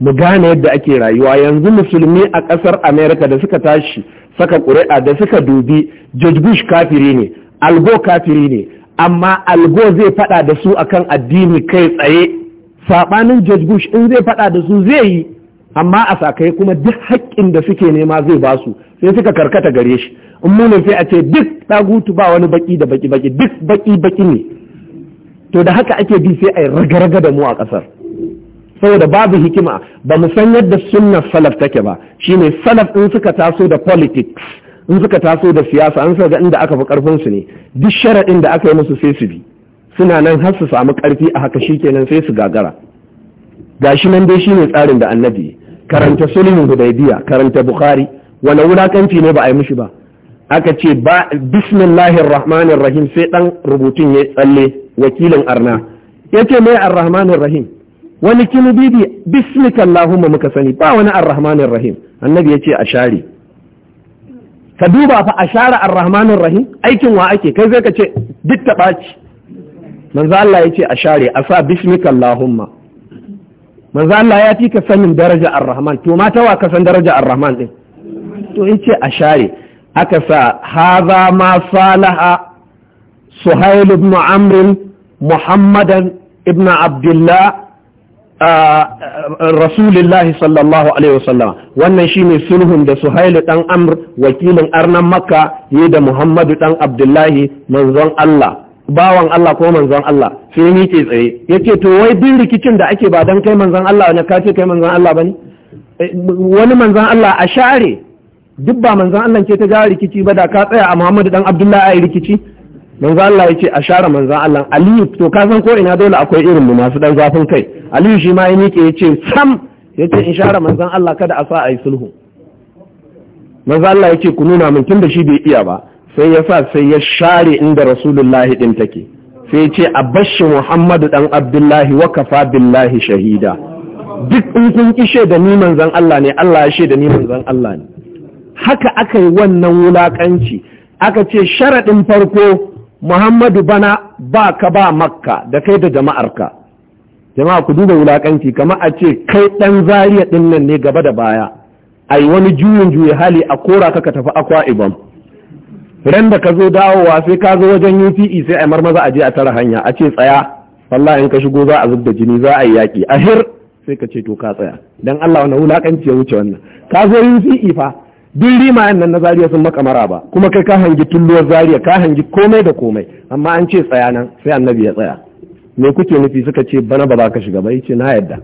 mu gane yadda ake rayuwa yanzu musulmi a ƙasar america da suka tashi saka ƙuri'a da suka dubi george bush kafiri ne algo kafiri ne amma algo zai faɗa da su akan addini kai tsaye saɓanin george bush in zai faɗa da su zai yi amma a sakai kuma duk haƙƙin da suke nema zai ba su sai suka karkata gare shi in mu sai a ce duk ɗagutu ba wani baki da baki baki duk baki baki ne to da haka ake bi sai a yi raga-raga da mu a ƙasar saboda babu hikima ba mu san yadda sunnar salaf take ba shine salaf in suka taso da politics in suka taso da siyasa an ga inda aka fi karfin su ne duk sharaɗin da aka yi musu sai su bi suna nan har su samu karfi a haka shikenan sai su gagara gashi nan dai shine tsarin da annabi karanta sulhun hudaybiya karanta bukhari wani wulakanci ne ba a yi mishi ba aka ce ba bismillahir rahmanir rahim sai dan rubutun ya tsalle wakilin arna yace mai ar-rahmanir rahim wani kinubibi bismika Allahumma muka sani ba wani arrahmanir rahim annabi yace a share ka duba fa a share arrahmanir rahim aikin wa ake kai zai ka ce duk ta ɓaci manzo Allah ce a share a sa bismika Allahumma manzo Allah ya fi ka sanin daraja arrahman to mata wa ka san daraja arrahman din to ce a share aka sa haza ma salaha suhail ibn amr muhammadan ibn abdullah rasulillahi sallallahu alaihi wasallam wannan shine sulhun da suhailu dan amr wakilin arnan makka yi da muhammadu dan abdullahi manzon allah bawan allah ko manzon allah sai ni ke tsaye yace to wai bin rikicin da ake ba dan kai manzon allah ne ka ce kai manzon allah bane eh, wani manzon allah a share duk ba manzon allah ke ta jawo rikici ba da ka tsaya a muhammadu dan abdullahi ai rikici manzo Allah yake a share manzo Allah Aliyu to ka san ko ina dole akwai irin mu masu dan zafin kai Aliyu shi ma ya miƙe yace sam yace in share manzo Allah kada a sa ayi sulhu manzo Allah yake ku nuna min tunda shi bai iya ba sai ya sa sai ya share inda Rasulullahi din take sai yace a Muhammadu dan Abdullahi wa kafa billahi shahida duk in kun kishe da ni manzon Allah ne Allah ya she da ni manzon Allah ne haka aka yi wannan wulakanci aka ce sharaɗin farko muhammadu bana ba ka ba makka da kai da jama'arka jama'a ku duba wulakanci kamar a ce kai ɗan zariya ɗin nan ne gaba da baya a wani juyin juyi hali a kora ka ka tafi akwa ibam ran da ka zo dawowa sai ka zo wajen UPE sai a marmaza a je a tara hanya a ce tsaya wallahi in ka shigo za a zub da jini za a yi yaki a hir sai ka ce to ka tsaya dan Allah wannan wulakanci ya wuce wannan ka zo UPE fa duk yan nan na zariya sun makamara ba kuma kai ka hangi tulluwar zariya ka hangi komai da komai amma an ce tsaya nan sai annabi ya tsaya me kuke nufi suka ce bana ba ka shiga ba yace na yadda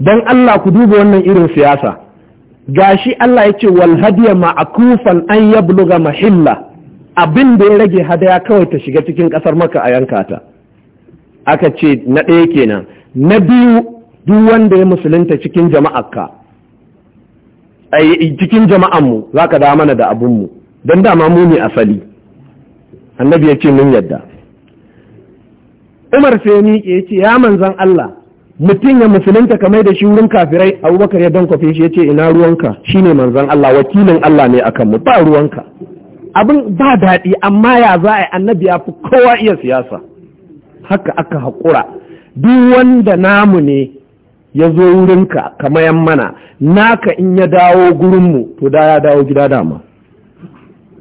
dan Allah ku duba wannan irin siyasa gashi Allah yace wal hadiya ma'kufan an yabluga mahilla abin da ya rage hadaya kawai ta shiga cikin kasar maka a yanka ta aka ce na ɗaya kenan na biyu duk wanda ya musulunta cikin jama'arka cikin jama'anmu za ka da mana da abinmu don dama mu ne asali annabi ya ce mun yadda umar sai ni ya ce ya manzan Allah mutum ya musulunta kamar da shi wurin kafirai abubakar ya don kwafe shi ya ce ina ruwanka Shi ne manzan Allah wakilin Allah ne akan mu ba ruwanka abin ba daɗi amma ya za a yi annabi ya fi kowa iya siyasa haka aka haƙura duk wanda namu ne ya zo wurinka ka mayan mana naka in ya dawo gurinmu to da ya dawo gida dama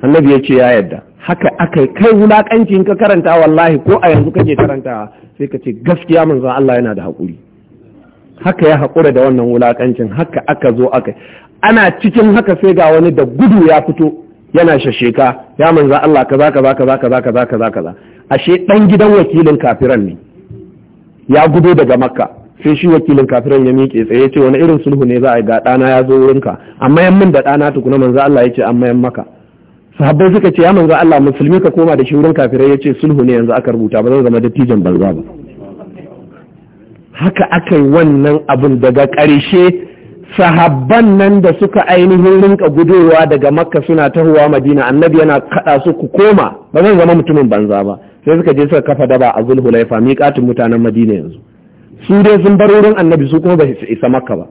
annabi ya ce ya yadda haka aka kai wulakancin ka karanta wallahi ko a yanzu kake karantawa sai ka ce gaskiya manzon Allah yana da haƙuri haka ya haƙura da wannan wulaƙancin haka aka zo aka ana cikin haka sai ga wani da gudu ya fito yana shasheka ya manzon Allah kaza kaza kaza kaza kaza kaza kaza ashe dan gidan wakilin kafiran ne ya gudu daga makka sai shi wakilin kafiran ya miƙe tsaye ce wani irin sulhu ne za a yi ga ɗana ya zo wurinka amma yan min da ɗana tukuna manzo Allah ya ce amma yan maka sahabbai suka ce ya manzo Allah musulmi ka koma da shi wurin kafirai ya ce sulhu ne yanzu aka rubuta ba zan zama dattijan banza ba haka aka yi wannan abun daga ƙarshe sahabban nan da suka ainihin rinka gudowa daga makka suna tahowa madina annabi yana kaɗa su ku koma ba zan zama mutumin banza ba sai suka je suka kafa daba a zulhulaifa miƙatin mutanen madina yanzu su dai sun bar wurin annabi su kuma ba su isa maka ba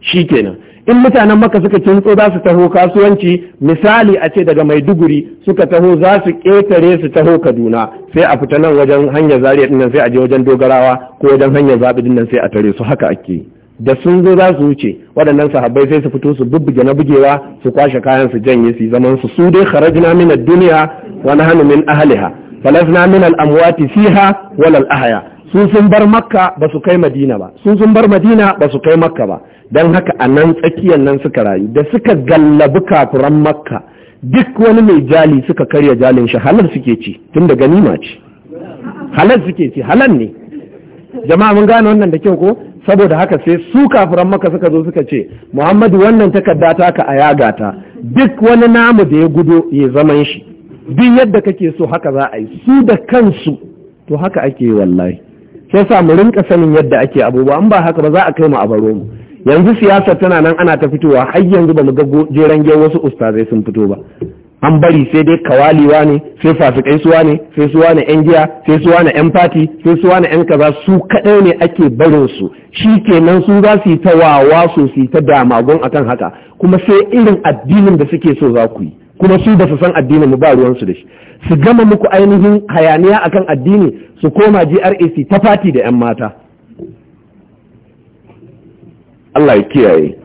shi kenan in mutanen maka suka kintso za su taho kasuwanci misali a ce daga maiduguri suka taho za su ƙetare su taho kaduna sai a fita nan wajen hanyar zariya nan sai a je wajen dogarawa ko wajen hanyar zaɓi nan sai a tare su haka ake da sun zo za su wuce waɗannan sahabbai sai su fito su bubbuge na bugewa su kwashe kayan su janye su zaman su su dai kharajna min ad-dunya wa nahnu min ahliha falasna min al-amwati fiha wal ahya Sun sun bar makka ba su kai madina ba sun sun bar madina ba su kai makka ba don haka a nan tsakiyar nan suka rayu da suka gallabi kafuran makka duk wani mai jali suka karya jalin shi halar suke ci tun da ganima ce halar suke ci halar ne jama'a mun gane wannan da kyau ko saboda haka sai su kafuran makka suka zo suka ce muhammadu wannan takarda ta ka a yaga ta duk wani namu da ya gudo ya zaman shi duk yadda kake so haka za a yi su da kansu to haka ake yi wallahi sai sa mu rinka sanin yadda ake abubuwa in ba haka ba za a kai mu a baro mu yanzu siyasa tana nan ana ta fitowa har yanzu ba mu ga jeran gyan wasu ustazai sun fito ba an bari sai dai kawaliwa ne sai fasikai suwa ne sai suwa na yan giya sai suwa na yan fati sai suwa na yan kaza su kadai ne ake barin su shi kenan su za su yi ta wawa su su yi ta damagon akan haka kuma sai irin addinin da suke so za ku yi kuma su ba su san addinin mu ba ruwansu da shi su gama muku ainihin hayaniya akan addini su koma GRAC ta fati da 'yan mata Allah ya kiyaye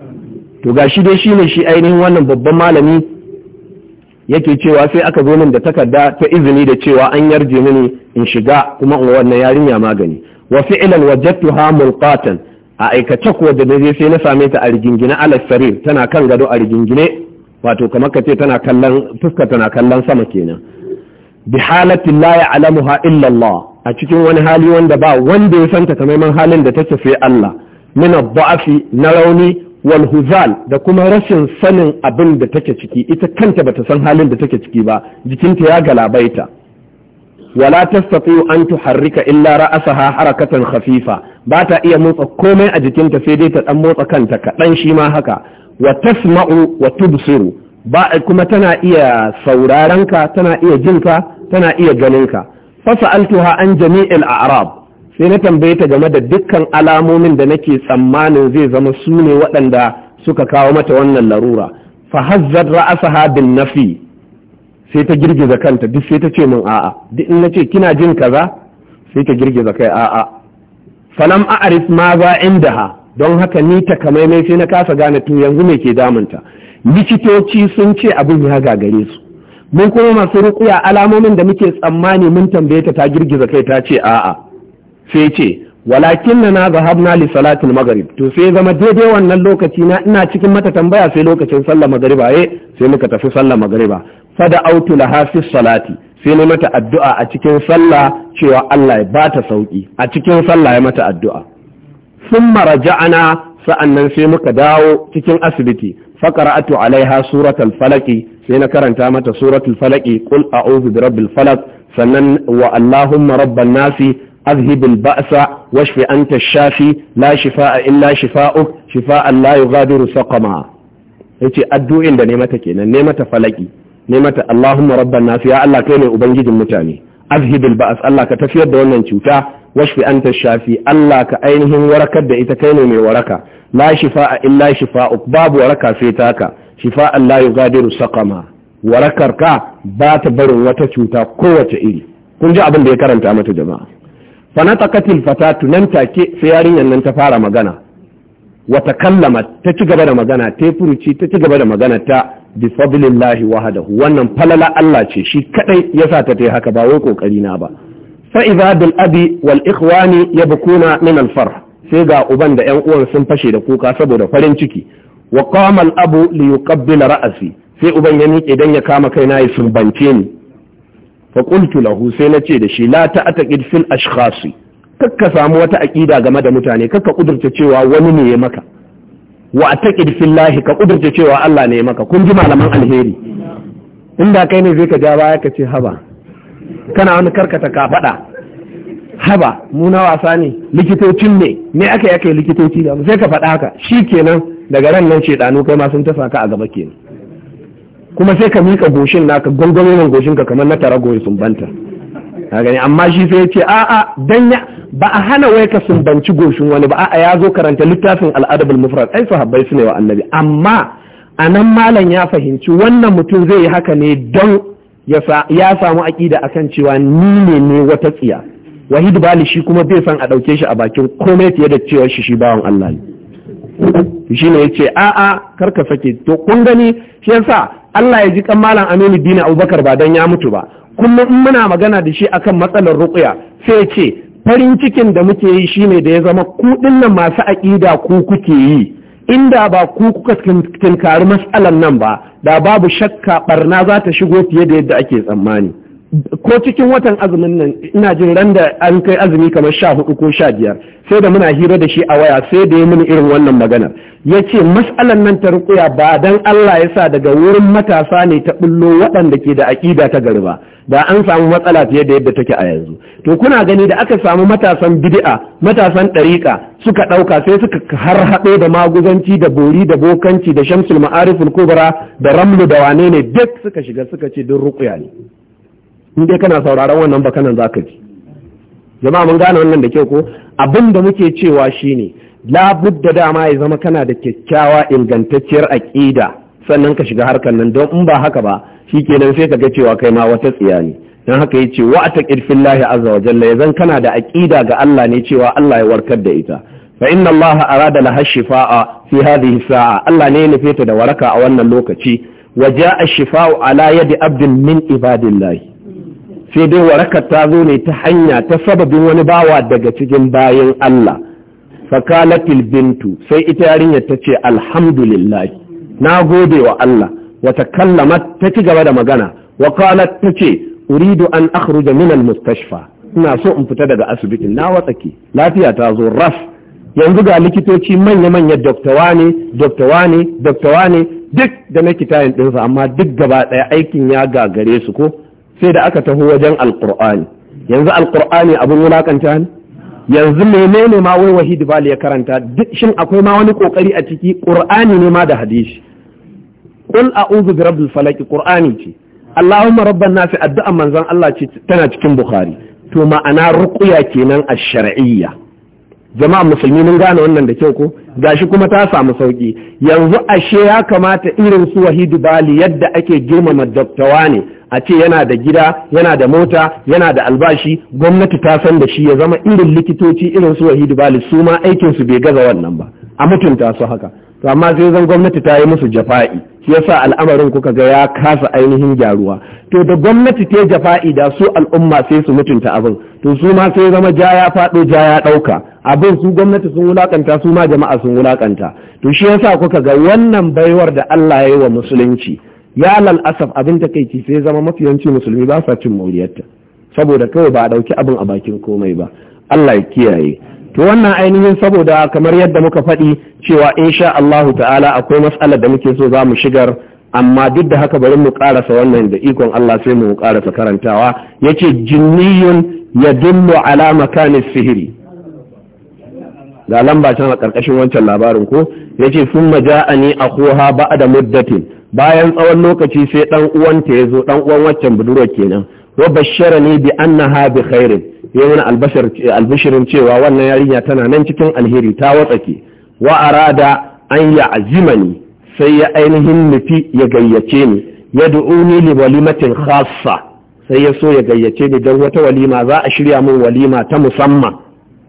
to ga shi dai shine shi ainihin wannan babban malami yake cewa sai aka zo min da takarda ta izini da cewa an yarje mini in shiga kuma in wannan yarinya magani wa fi'lan wajadtuha mulqatan a aikace kuwa da naje sai na same ta a rigingine ala sarir tana kan gado a rigingine wato kamar ka ce tana kallon fuska tana kallon sama kenan bi halatin la ya'lamuha illa Allah a cikin wani hali wanda ba wanda ya santa kamar man halin da take sai Allah min ba'afi na rauni wal huzal da kuma rashin sanin abin da take ciki ita kanta bata san halin da take ciki ba jikinta ya galabaita wala tastati an tuharrika illa ra'asaha harakatan khafifa ba ta iya motsa komai a jikinta sai dai ta dan motsa kanta kaɗan shi ma haka wa tasma'u wa tubsiru ba kuma tana iya saurarenka tana iya jinka tana iya ganinka fasa'altuha an jami'il a'rab sai na tambaye ta game da dukkan alamomin da nake tsammanin zai zama su ne waɗanda suka kawo mata wannan larura fa hazzat ra'asaha bin nafi sai ta girgiza kanta duk sai ta ce min a'a duk in nace kina jin kaza sai ta girgiza kai a'a falam a'rif ma za indaha don haka ni takamaimai sai na kasa gane tun yanzu mai ke damunta likitoci sun ce abin ya gagare su mun kuma masu rukuya alamomin da muke tsammani mun tambaye ta ta girgiza kai ta ce a'a sai ce walakin na na zahabna li salatin maghrib to sai zama daidai wannan lokaci na ina cikin mata tambaya sai lokacin sallar magariba eh sai muka tafi sallar magariba fada autu laha fi salati sai na mata addu'a a cikin sallah cewa Allah ya bata sauki a cikin sallah ya mata addu'a sun maraja'ana sa'annan sai muka dawo cikin asibiti atu alaiha suratul falaki sai na karanta mata suratul falaki qul a'udhu bi rabbil falaq sannan wa allahumma rabban nasi اذهب البأس واشف أنت shafi, la shifa'a illa شفاؤك شفاء لا يغادر سقما yace addu'in da ne mata kenan ne mata falaki ne mata Allahumma rabban nasi, ya Allah kai ne ubangijin mutane azhibil ba'as Allah ka tafiyar da wannan cuta washfi anta shafi Allah ka ainihin warakar da ita kai ne mai waraka la shifa'a illa shifa'uk babu waraka sai taka shifa'an la yughadiru saqama warakar ka ba ta barin wata cuta kowace iri kun ji abin da ya karanta mata jama'a fanataqatil fatatu nan take sai yarinyar nan ta fara magana wata kallama ta ci gaba da magana ta furuci ta ci gaba da magana ta bi fadlillahi wahdahu wannan falala Allah ce shi kadai yasa ta tai haka ba wai kokari na ba fa'iza bil abi wal ikhwani bukuna min al sai ga uban da yan uwan sun fashe da kuka saboda farin ciki wa qama abu li yuqabbila ra'asi sai uban ya miƙe dan ya kama kaina ya sumbance ni fa qultu lahu sai na ce da shi la ta'taqid fil ashkhasi kakka samu wata aqida game da mutane kakka kudurta cewa wani ne ya maka wa ataqid fillahi ka kudurta cewa Allah ne ya maka kun ji malaman alheri inda kai ne zai ka ja baya ka ce haba kana wani karkata ka faɗa haba mu na wasa ne likitocin ne me aka yi likitoci da sai ka faɗa haka shi kenan daga ran nan shedanu kai ma sun tasa ka a gaba kenan kuma sai ka mika goshin naka gwangwamin goshin ka kamar na tara goyi sun banta gani amma shi sai ya ce a a dan ya ba a hana wai ka sumbanci goshin wani ba a ya zo karanta littafin al'adabul mufrad ai sahabbai su ne wa annabi amma anan malam ya fahimci wannan mutum zai yi haka ne don ya samu aƙida a kan cewa ni ne ne wata tsiya wahid bali shi kuma bai san a ɗauke shi a bakin komai fiye da cewa shi shi bawan Allah ne shi ne ya ce a'a kar ka sake to kun gani shi yasa Allah ya ji kan malam Aminu Dina Abubakar ba don ya mutu ba kullum in muna magana da shi akan matsalar ruƙuya sai ya ce farin cikin da muke yi shi ne da ya zama kuɗin nan masu aƙida ku kuke yi inda ba ku kuka tinkari matsalar nan ba da babu shakka barna za ta shigo fiye da yadda ake tsammani ko cikin watan azumin nan ina jin ran da an kai azumi kamar sha hudu ko sha biyar sai da muna hira da shi a waya sai da ya mini irin wannan maganar ya ce matsalan nan ta rukuya ba dan Allah ya sa daga wurin matasa ne ta bullo waɗanda ke da aƙida ta gari ba da an samu matsala fiye da yadda take a yanzu to kuna gani da aka samu matasan bid'a matasan ɗariƙa suka ɗauka sai suka har haɗe da maguzanci da bori da bokanci da shamsul ma'arifin kubra da ramlu da wane ne duk suka shiga suka ce duk rukuya ne in dai kana sauraron wannan bakanan ka ji jama'a mun gane wannan da kyau ko abin da muke cewa shine labudda dama ya zama kana da kyakkyawa ingantacciyar aƙida sannan ka shiga harkar nan don in ba haka ba shi kenan sai ka ga cewa kai ma wata tsiya ne don haka ya ce wa ta ƙirfin lahi azza wa jalla ya zan kana da aƙida ga Allah ne cewa Allah ya warkar da ita fa inna Allah arada laha shifa'a fi hadhihi sa'a Allah ne ya nufe ta da waraka a wannan lokaci wa ja'a shifa'u ala yadi abdin min ibadillahi. sai dai warakar ta zo ne ta hanya ta sababin wani bawa daga cikin bayan Allah fakalatil bintu sai ita yarinya ta ce alhamdulillah na gode wa Allah wata kallama ta ci gaba da magana wa qalat ta ce uridu an akhruja min al mustashfa ina so in fita daga asibitin na watsake lafiya ta zo ras. yanzu ga likitoci manya-manya doktawa ne doktawa ne doktawa ne duk da na kitayin ɗinsu amma duk gaba ɗaya aikin ya gagare su ko sai da aka taho wajen alkur'ani yanzu alkur'ani abin wulakanta ne yanzu menene ma wai wahid bali ya karanta duk shin akwai ma wani kokari a ciki qur'ani ne ma da hadisi qul a'udhu bi rabbil falaq qur'ani ce allahumma rabban nasi addu'a manzon Allah ce tana cikin bukhari to ma'ana ruqya kenan ash-shar'iyya jama'a musulmi mun gane wannan da kyau ko gashi kuma ta samu sauki yanzu ashe ya kamata irin su wahidu bali yadda ake girmama daktawa ne a ce yana da gida yana da mota yana da albashi gwamnati ta san da shi ya zama irin likitoci irin su wahidu bali su ma aikinsu bai gaza wannan ba a mutunta su haka to amma sai zan gwamnati ta yi musu jafa'i shi yasa al'amarin kuka ga ya kasa ainihin gyaruwa to da gwamnati ta jafa da su al'umma sai su mutunta abin to su ma sai zama ja ya faɗo ja ya ɗauka abin su gwamnati sun wulakanta su ma jama'a sun wulakanta to shi yasa kuka ga wannan baiwar da Allah ya yi wa musulunci ya lal asaf abin da kai sai zama mafiyanci musulmi ba sa cin mauriyarta saboda kawai ba a ɗauki abin a bakin komai ba Allah ya kiyaye to wannan ainihin saboda kamar yadda muka faɗi cewa insha Allahu ta'ala akwai matsalar da muke so za mu shigar amma duk da haka bari mu ƙarasa wannan da ikon Allah sai mu karasa karantawa yace jinniyun yadullu ala makani sihiri da lamba can a karkashin wancan labarin ko yace a koha akhuha da muddatin bayan tsawon lokaci sai dan uwanta yazo dan uwan waccan budurwa kenan wa ne bi annaha bi khairin ya mana albashirin cewa wannan yarinya tana nan cikin alheri ta watsake wa arada an ya azimani sai ya ainihin nufi ya gayyace ni ya du'uni li walimatin khassa sai ya so ya gayyace ni don wata walima za a shirya min walima ta musamman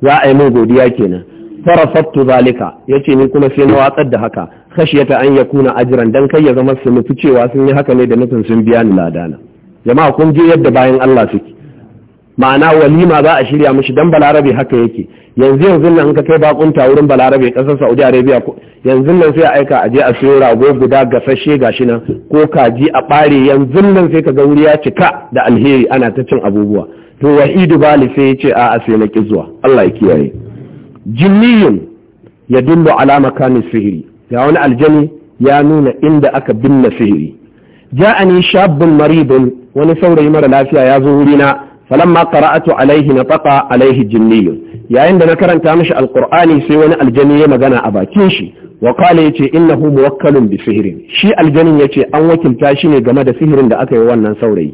za a yi min godiya kenan farasattu zalika yace ni kuma sai na watsar da haka khashiyata an yakuna ajran dan kai ya zama su nufi cewa sun yi haka ne da nufin sun biya ni ladana jama'a kun je yadda bayan Allah suke ma'ana walima za a shirya mishi dan balarabe haka yake yanzu yanzu nan ka kai bakunta wurin balarabe kasar saudi arabia yanzu nan sai a aika a je a siyo rago guda gasashe gashi nan ko kaji a bare yanzu nan sai ka ga wuri ya cika da alheri ana ta cin abubuwa to wahidu bali sai ya ce a a sai na ki zuwa allah ya kiyaye jinniyun ya dillo alama makani sihiri ga wani aljani ya nuna inda aka binne sihiri ja'ani shabbun maridun wani saurayi mara lafiya ya zo wurina falamma qara'atu alaihi nataqa alaihi jinniyun yayin da na karanta mishi alqur'ani sai wani aljani ya magana a bakin shi wa qala yace innahu muwakkalun bi sihrin shi aljanin yace an wakilta shi ne game da sihirin da aka yi wannan saurayi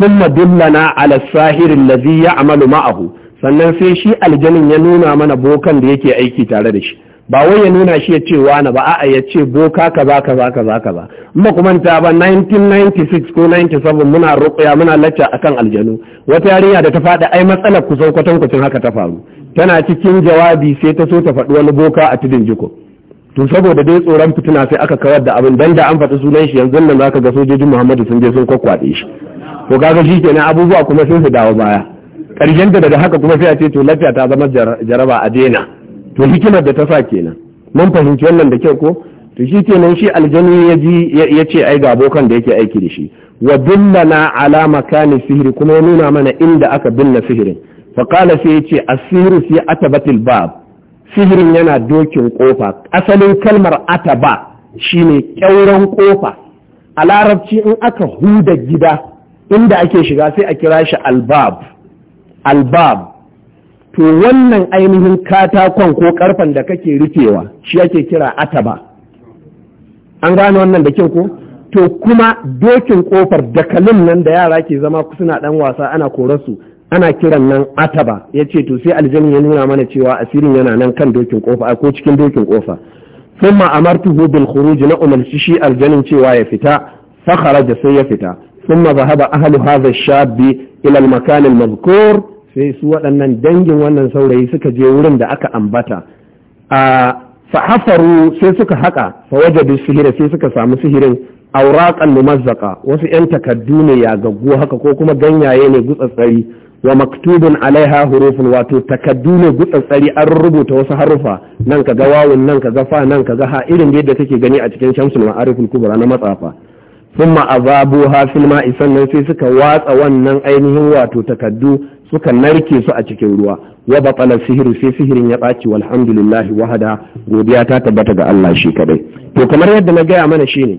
thumma dullana ala sahir alladhi ya'malu ma'ahu sannan sai shi aljanin ya nuna mana bokan da yake aiki tare da shi ba wai ya nuna shi ya ce na, ba a'a ya ce boka ka ba ka ba ka ba ka ba kuma ta ba 1996 ko 97 muna rukuya muna lacca akan aljanu wata yarinya da ta faɗi ai matsalar kusan kwatan kwatan haka ta faru tana cikin jawabi sai ta so ta faɗi wani boka a tudun jiko to saboda dai tsoron fitina sai aka kawar da abin dan da an faɗi sunan shi yanzu nan zaka ga sojojin Muhammadu sun je sun kwakwaɗe shi to kaga shi kenan abubuwa kuma sun su dawo baya ƙarshen da daga haka kuma sai a ce to lafiya ta zama jaraba a daina to hikimar da ta sa kenan mun fahimci wannan da kyau ko to shi kenan shi Aljanu ya ji ya ce ai ga abokan da yake aiki da shi wa na ala makani sihiri kuma ya nuna mana inda aka binne sihirin fa qala sai yace asiru fi atabatil bab sihirin yana dokin kofa asalin kalmar ataba shine kyauran kofa a larabci in aka huda gida inda ake shiga sai a kira shi albab albab to wannan ainihin katakon ko karfen da kake rufewa shi ake kira ataba an gane wannan da kyau ko to kuma dokin kofar dakalin nan da yara ke zama suna dan wasa ana korarsu ana kiran nan ataba ya ce to sai aljani ya nuna mana cewa asirin yana nan kan dokin kofa ko cikin dokin kofa cewa ya fita, نأمل da sai ya fita. فخرج سيفتا ثم ذهب أهل هذا الشاب إلى المكان المذكور sai su waɗannan dangin wannan saurayi suka je wurin da aka ambata a fahafaru sai suka haƙa fa wajadu sihira sai suka samu sihirin auraƙan mazaƙa wasu yan takardu ne ya gaggu haka ko kuma ganyaye ne gutsatsari wa maktubin alaiha hurufin wato takardu ne gutsatsari an rubuta wasu haruffa nan ka ga wawun nan ka ga fa nan ka ga ha irin da yadda kake gani a cikin shamsul ma'ariful kubra na matsafa sun ma'azabu hafin ma'i sannan sai suka watsa wannan ainihin wato takaddu suka narke su a cikin ruwa wa batala sihiru sai sihirin ya ɓaci walhamdulillahi wahada godiya ta tabbata ga Allah shi kadai to kamar yadda na gaya mana shine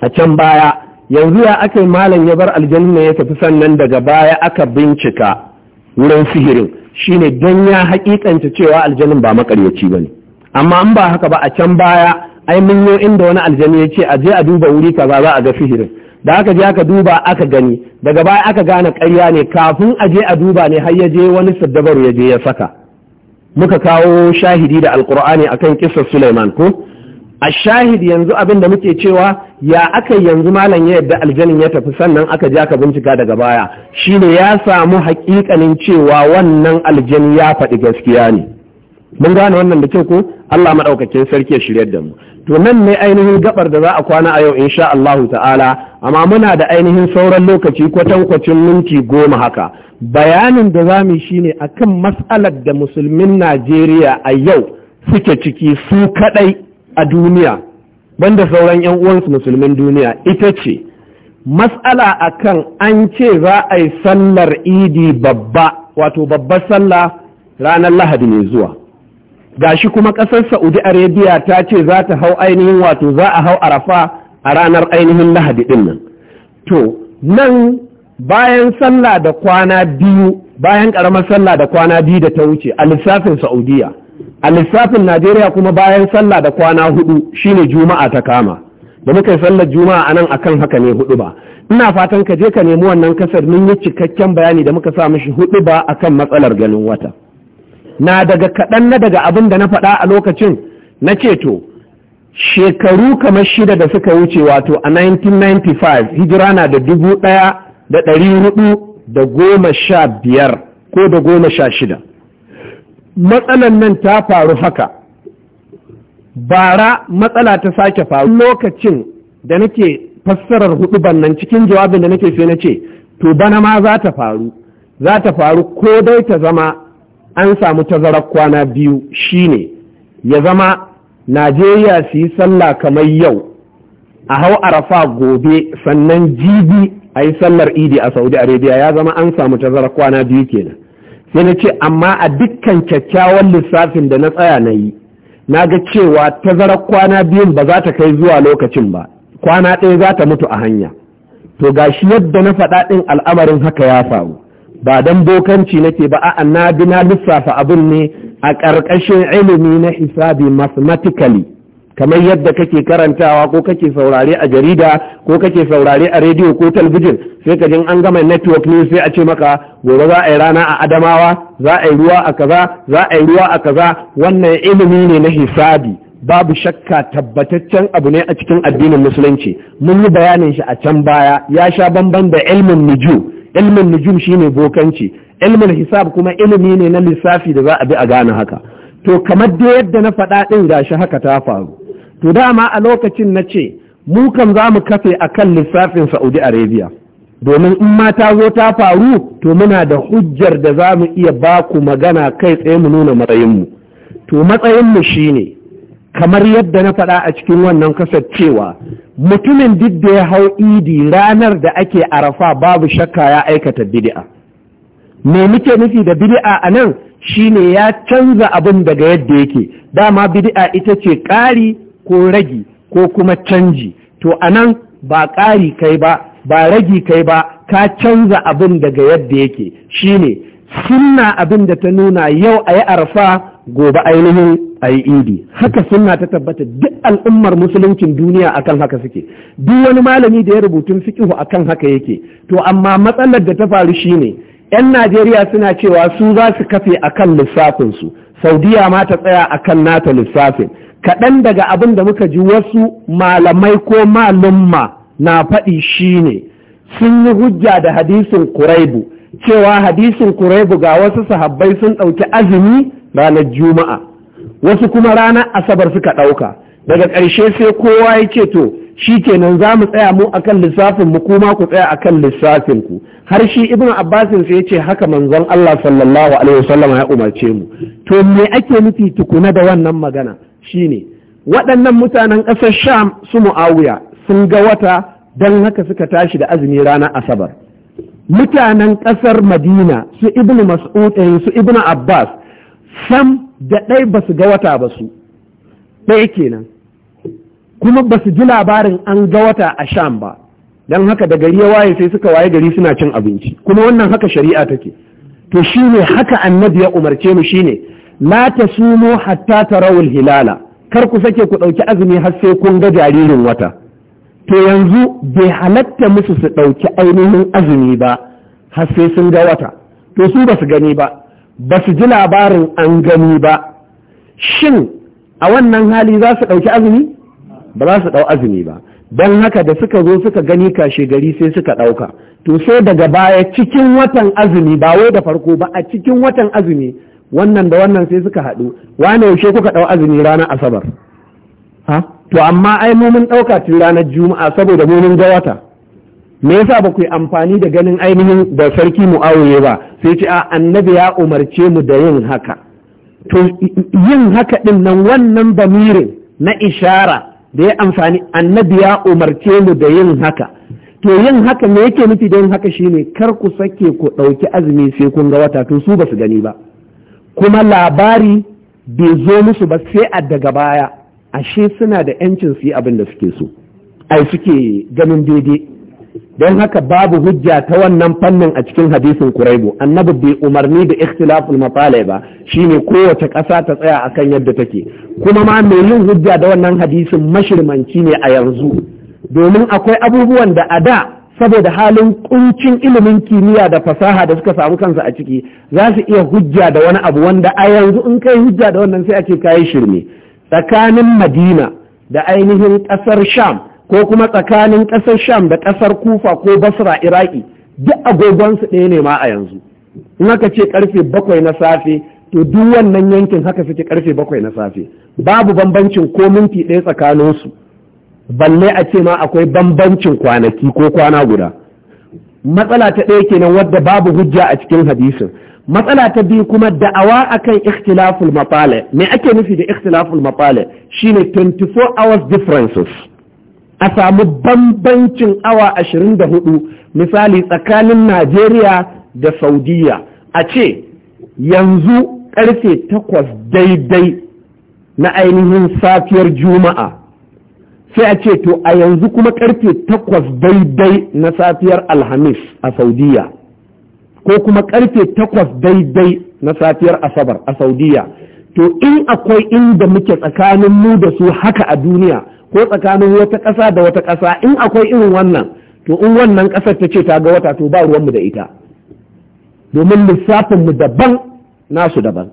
a can baya yanzu ya aka malam ya bar aljanna ya tafi sannan daga baya aka bincika wurin sihirin shine don ya hakikanta cewa aljannin ba makaryaci ba ne amma an ba haka ba a can baya ai mun yo inda wani aljani ya ce a je a duba wuri kaza za a ga sihirin da aka je aka duba aka gani daga baya aka gane ƙarya ne kafin a je a duba ne har ya je wani saddabaru ya je ya saka muka kawo shahidi da alkur'ani akan kisar Sulaiman ko a shahidi yanzu abin da muke cewa ya aka yanzu malam ya yadda aljanin ya tafi sannan aka je aka bincika daga baya shine ya samu hakikanin cewa wannan aljani ya faɗi gaskiya ne mun gane wannan da kyau ko Allah madaukakin sarki ya shiryar da mu to nan ne ainihin gabar da za a kwana a yau insha Allahu ta'ala amma muna da ainihin sauran lokaci kwatankwacin minti goma haka bayanin da za mu shi shine akan matsalar da musulmin Najeriya a yau suke ciki su kadai a duniya banda sauran yan uwansu musulmin duniya ita ce matsala akan an ce za a yi sallar idi babba wato babbar sallah ranar lahadi ne zuwa shi kuma ƙasar saudi arabia ta ce za ta hau ainihin wato za a hau arafa a ranar ainihin lahadi ɗin nan to nan bayan sallah da kwana biyu bayan ƙaramar sallah da kwana biyu da ta wuce a lissafin saudiya a lissafin najeriya kuma bayan sallah da kwana hudu ne juma'a ta kama da muka yi sallar juma'a anan akan haka ne hudu ba ina fatan ka je ka nemi wannan kasar mun yi cikakken bayani da muka sa mishi hudu ba akan matsalar ganin wata na daga kaɗan na daga abin da na faɗa a lokacin na ce to shekaru kamar shida da suka wuce wato a 1995 hijira na da dubu ɗaya da ɗari hudu da goma sha biyar ko da goma sha shida matsalan nan ta faru haka bara matsala ta sake faru lokacin da nake fassarar hudu bannan cikin jawabin da nake sai na ce to bana ma za ta faru za ta faru ko dai ta zama an samu tazarar kwana biyu shine ya zama najeriya su yi sallah kamar yau a hau arafa gobe sannan jibi a yi sallar idi a saudi arabia ya zama an samu tazarar kwana biyu kenan sai na ce amma a dukkan kyakkyawan lissafin da na tsaya na yi na ga cewa tazarar kwana biyun ba za ta kai zuwa lokacin ba kwana ɗaya za ta mutu a hanya to gashi yadda na faɗaɗin al'amarin haka ya faru ba dan bokanci nake ba a na bi na lissafa abin ne a ƙarƙashin ilimi na hisabi mathematically kamar yadda kake karantawa ko kake saurare a jarida ko kake saurare a rediyo ko talbijin sai ka jin an gama network ne sai a ce maka gobe za a yi rana a adamawa za a yi ruwa a kaza za a yi ruwa a kaza wannan ilimi ne na hisabi babu shakka tabbataccen abu ne a cikin addinin musulunci mun yi bayanin shi a can baya ya sha bamban da ilmin nuju ilmin nujum shine bokanci ilmin hisab kuma ilimi ne na lissafi da za a bi a gane haka to kamar da yadda na faɗa ɗin gashi haka ta faru to dama a lokacin na ce mu kam za mu kafe a kan lissafin saudi arabia domin in ma ta zo ta faru to muna da hujjar da za mu iya ba ku magana kai tsaye mu nuna matsayinmu to matsayinmu shine kamar yadda na faɗa a cikin wannan kasar cewa mutumin duk da ya hau idi ranar da ake arafa babu shakka ya aikata bid'a me muke nufi da bid'a a nan shine ya canza abin daga yadda yake dama bid'a ita ce ƙari ko ragi ko kuma canji to a nan ba ƙari kai ba ba ragi kai ba ka canza abin daga yadda yake shine sunna abin da ta nuna yau a yi arafa? gobe ainihin a yi idi haka suna ta tabbata duk al'ummar musuluncin duniya akan haka suke duk wani malami da ya rubutun fiqihu akan haka yake to amma matsalar da ta faru shine yan Najeriya suna cewa su za su kafe akan lissafinsu. su Saudiya ma ta tsaya akan nata lissafin kaɗan daga abin da muka ji wasu malamai ko malumma na faɗi shine sun yi hujja da hadisin Kuraibu cewa hadisin Kuraibu ga wasu sahabbai sun ɗauki azumi ranar juma'a wasu kuma ranar asabar suka ɗauka daga ƙarshe sai kowa ya ce to shi kenan za mu tsaya mu akan lissafin mu kuma ku tsaya akan lissafin ku har shi ibn abbasin sai ya ce haka manzon Allah sallallahu alaihi wasallam ya umarce mu to me ake nufi tukuna da wannan magana shine waɗannan mutanen ƙasar sham su mu'awiya sun ga wata don haka suka tashi da azumi ranar asabar mutanen ƙasar madina su ibn mas'ud eh, su ibn abbas sam da ɗai ba su ga wata ba su ɗaya kenan kuma ba su ji labarin an ga wata a sham ba don haka da gari ya waye sai suka waye gari suna cin abinci kuma wannan haka shari'a take to shine haka annabi ya umarce mu shine la tasumu hatta tarawul hilala kar ku sake ku ɗauki azumi har sai kun ga jaririn wata to yanzu bai halatta musu su ɗauki ainihin azumi ba har sai sun ga wata to su ba su gani ba ba su ji labarin an gani ba shin a wannan hali za su ɗauki azumi ba za su ɗau azumi ba don haka da suka zo suka gani kashe gari sai suka ɗauka to sai daga baya cikin watan azumi ba wai da farko ba a cikin watan azumi wannan da wannan sai suka haɗu wane yaushe kuka ɗau azumi ranar asabar to amma ai mu mun ɗauka tun ranar juma'a saboda mu mun ga wata me yasa ba ku yi amfani da ganin ainihin da sarki aure ba sai ce a annabi ya umarce mu da yin haka to yin haka din nan wannan damirin na ishara da ya amfani annabi ya umarce mu da yin haka to yin haka me yake nufi da yin haka shine kar ku sake ku ɗauki azumi sai kun ga wata to su basu gani ba kuma labari bai zo musu ba sai a daga baya ashe suna da 'yancin su yi abin da suke so ai suke ganin daidai don haka babu hujja ta wannan fannin a cikin hadisin kuraibu annabi bai umarni da ikhtilaful matalai ba shine kowace ƙasa ta tsaya akan yadda take kuma ma mai yin hujja da wannan hadisin mashirmanci ne a yanzu domin akwai abubuwan da a da saboda halin kuncin ilimin kimiyya da fasaha da suka samu kansa a ciki za su iya hujja da wani abu wanda a yanzu in kai hujja da wannan sai ake ce kayi shirme tsakanin madina da ainihin ƙasar sham ko kuma tsakanin ƙasar sham da ƙasar kufa ko basra iraki duk agogonsu ɗaya ne ma a yanzu in aka ce ƙarfe bakwai na safe to duk wannan yankin haka suke ƙarfe bakwai na safe babu bambancin ko minti ɗaya tsakaninsu balle a ce ma akwai bambancin kwanaki ko kwana guda matsala ta ɗaya kenan wadda babu hujja a cikin hadisin matsala ta biyu kuma da'awa akan ikhtilaful mafale me ake nufi da ikhtilaful mafale shine 24 hours differences a samu bambancin awa ashirin da hudu misali tsakanin najeriya da saudiya a ce yanzu ƙarfe takwas daidai na ainihin safiyar juma'a sai a ce to a yanzu kuma ƙarfe takwas daidai na safiyar alhamis a saudiya ko kuma ƙarfe takwas daidai na safiyar asabar a saudiya to in akwai inda muke tsakanin mu da su haka a duniya ko tsakanin wata ƙasa da wata ƙasa in akwai irin wannan to in wannan ƙasar ta ce ta ga wata to ba ruwanmu da ita domin lissafin mu daban nasu daban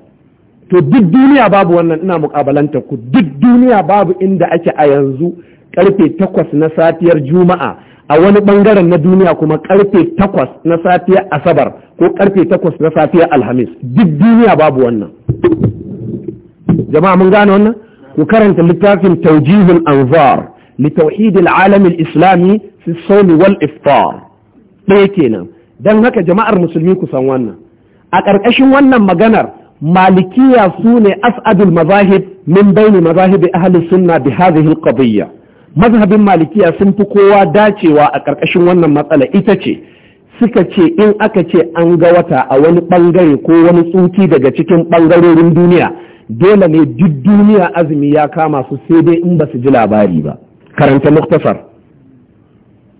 to duk duniya babu wannan ina mukabalanta ku duk duniya babu inda ake a yanzu karfe takwas na safiyar juma'a a wani bangaren na duniya kuma karfe takwas na safiyar asabar ko karfe takwas na safiyar alhamis duk duniya babu wannan jama'a mun gane wannan ku karanta littafin taujihul anzar li tauhidil alamil islami fi sawmi wal iftar ɗaya kenan dan haka jama'ar musulmi ku san wannan a ƙarƙashin wannan maganar malikiya su ne as'adul mazahib min baini mazahibi ahli sunna bi hadhihi al mazhabin malikiya sun fi kowa dacewa a ƙarƙashin wannan matsala ita ce suka ce in aka ce an ga wata a wani ɓangare ko wani tsuki daga cikin ɓangarorin duniya dole ne duk duniya azumi ya kama su sai dai in ba su ji labari ba karanta muktasar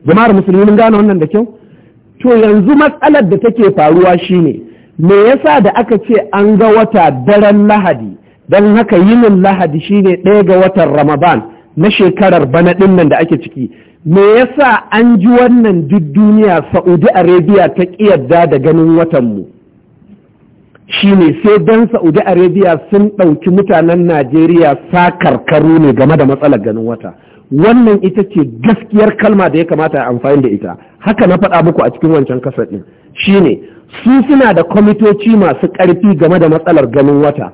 jama'ar musulmi mun gane wannan da kyau to yanzu matsalar da take faruwa shine me yasa da aka ce an ga wata daren lahadi don haka yinin lahadi shine ɗaya ga watan ramadan na shekarar bana ɗinnan nan da ake ciki me yasa an ji wannan duk duniya saudi arabia ta ƙiyarda da ganin watanmu shine sai dan Saudi Arabia sun ɗauki mutanen Najeriya sakarkaru ne game da matsalar ganin wata wannan ita ce gaskiyar kalma da ya kamata a amfani da ita haka na faɗa muku a cikin wancan kasar ɗin shine su suna da kwamitoci masu ƙarfi game da matsalar ganin wata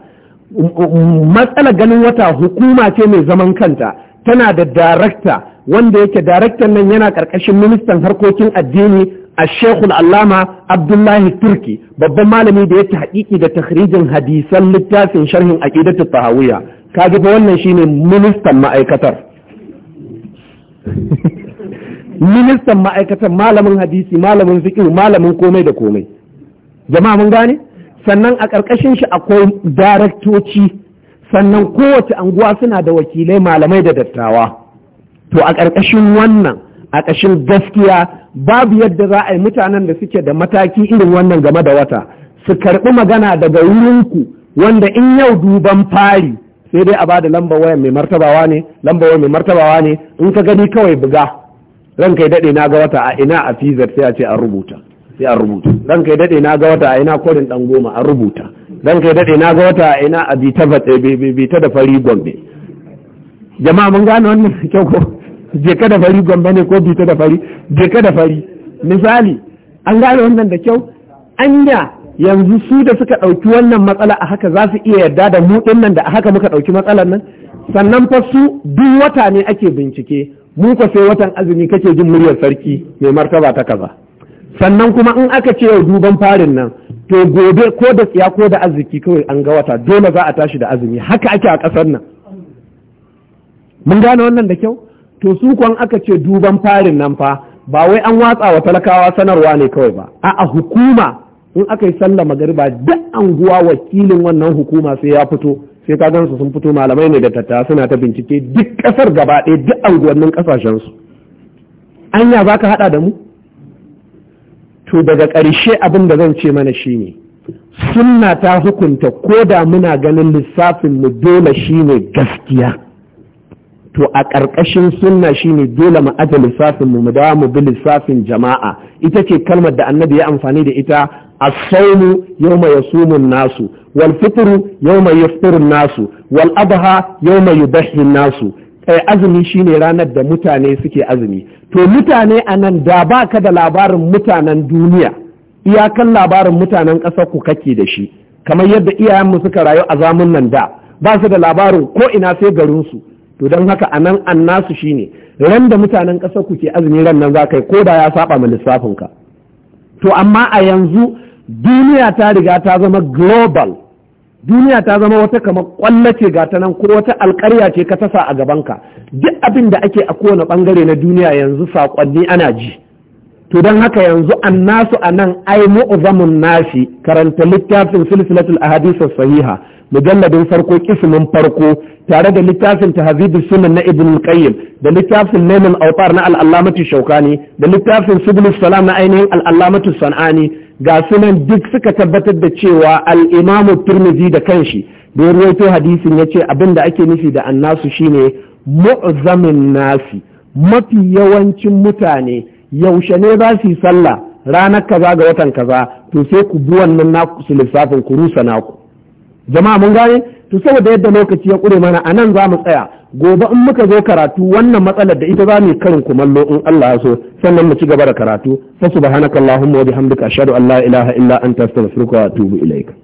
um, um, um, matsalar ganin wata hukuma ce mai zaman kanta tana da darakta wanda yake daraktan nan yana ƙarƙashin ministan harkokin addini a shekul allama abdullahi turki babban malami da yake hakiki da takhrijin hadisan littafin sharhin aqidatu tahawiyya kaji fa wannan shine ministan ma'aikatar ministan ma'aikatar malamin hadisi malamin fiqh malamin komai da komai jama'a mun gane sannan a ƙarƙashin shi akwai daraktoci sannan kowace anguwa suna da wakilai malamai da dattawa to a ƙarƙashin wannan a ƙashin gaskiya babu yadda za a yi mutanen da suke da mataki irin wannan game da wata su karɓi magana daga wurinku wanda in yau duban fari sai dai a ba da lamba waya mai martabawa ne lamba waya mai martabawa ne in ka gani kawai buga ranka kai daɗe na ga wata a ina a fizar sai a ce an rubuta sai an rubuta ranka kai daɗe na ga wata a ina kodin ɗan goma an rubuta ranka kai daɗe na ga wata a ina a bita eh, eh, da fari gombe jama'a mun gane wannan kyau ko je ka da fari gwamba ne ko bita da fari je ka da fari misali an gane wannan da kyau anya yanzu su da suka ɗauki wannan matsala a haka za su iya yarda da mu ɗin nan da a haka muka ɗauki matsalar nan sannan fa su duk wata ne ake bincike mu ko sai watan azumi kake jin muryar sarki mai martaba ta kaza sannan kuma in aka ce yau duban farin nan to gobe ko da tsiya ko da arziki kawai an ga wata dole za a tashi da azumi haka ake a ƙasar nan mun gane wannan da kyau to su kwan aka ce duban farin nan fa ba wai an watsa wa talakawa sanarwa ne kawai ba a'a hukuma in aka yi sallah magariba duk anguwa wakilin wannan hukuma sai ya fito sai ka gansu sun fito malamai ne da tatta suna ta bincike duk kasar gaba ɗaya duk anguwannin kasashen su anya za ka hada da mu to daga ƙarshe abin da zan ce mana shine sunna ta hukunta ko da muna ganin lissafin mu dole shine gaskiya to a ƙarƙashin sunna shine dole mu aje lissafin mu mu dawo mu bi lissafin jama'a ita ce kalmar da annabi ya amfani da ita as-sawmu yawma yasumu nasu wal fitru yawma yaftiru nasu wal adha yawma yudhhi nasu kai azumi shine ranar da mutane suke azumi to mutane anan da ba ka da labarin mutanen duniya iyakan labarin mutanen ƙasar ku kake da shi kamar yadda iyayenmu suka rayu a zamanin nan da ba su da labarin ko ina sai garinsu to don haka a nan annasu ne, ran da mutanen ƙasar ku ke azumi ran nan za ka yi ko da ya saba ma lissafin to amma a yanzu duniya ta riga ta zama global duniya ta zama wata kamar ƙwallo ce ga ta nan ko wata alƙarya ce ka tasa a gabanka duk abin da ake a kowane bangare na duniya yanzu saƙonni ana ji to don haka yanzu an nasu a nan ai mu'zamun nasi karanta littafin silsilatul ahadith sahiha mujalladin farko kismin farko tare da littafin tahzibu sunan na ibn qayyim da littafin naimul awtar na al allamati shaukani da littafin subul salam na ainihin al allamati sanani ga sunan duk suka tabbatar da cewa al-imam turmizi da kanshi da ya rawaito hadisin yace abinda ake nufi da annasu shine mu'zamin nasi mafi yawancin mutane yaushe ne za su yi sallah ranar kaza ga watan kaza to sai ku bi wannan naku su lissafin ku rusa naku jama'a mun gane to saboda yadda lokaci ya kure mana a nan za mu tsaya gobe in muka zo karatu wannan matsalar da ita za mu yi karin kumallo in Allah ya so sannan mu ci gaba da karatu fa subhanakallahumma wa bihamdika ashhadu an la ilaha illa anta astaghfiruka wa atubu ilaik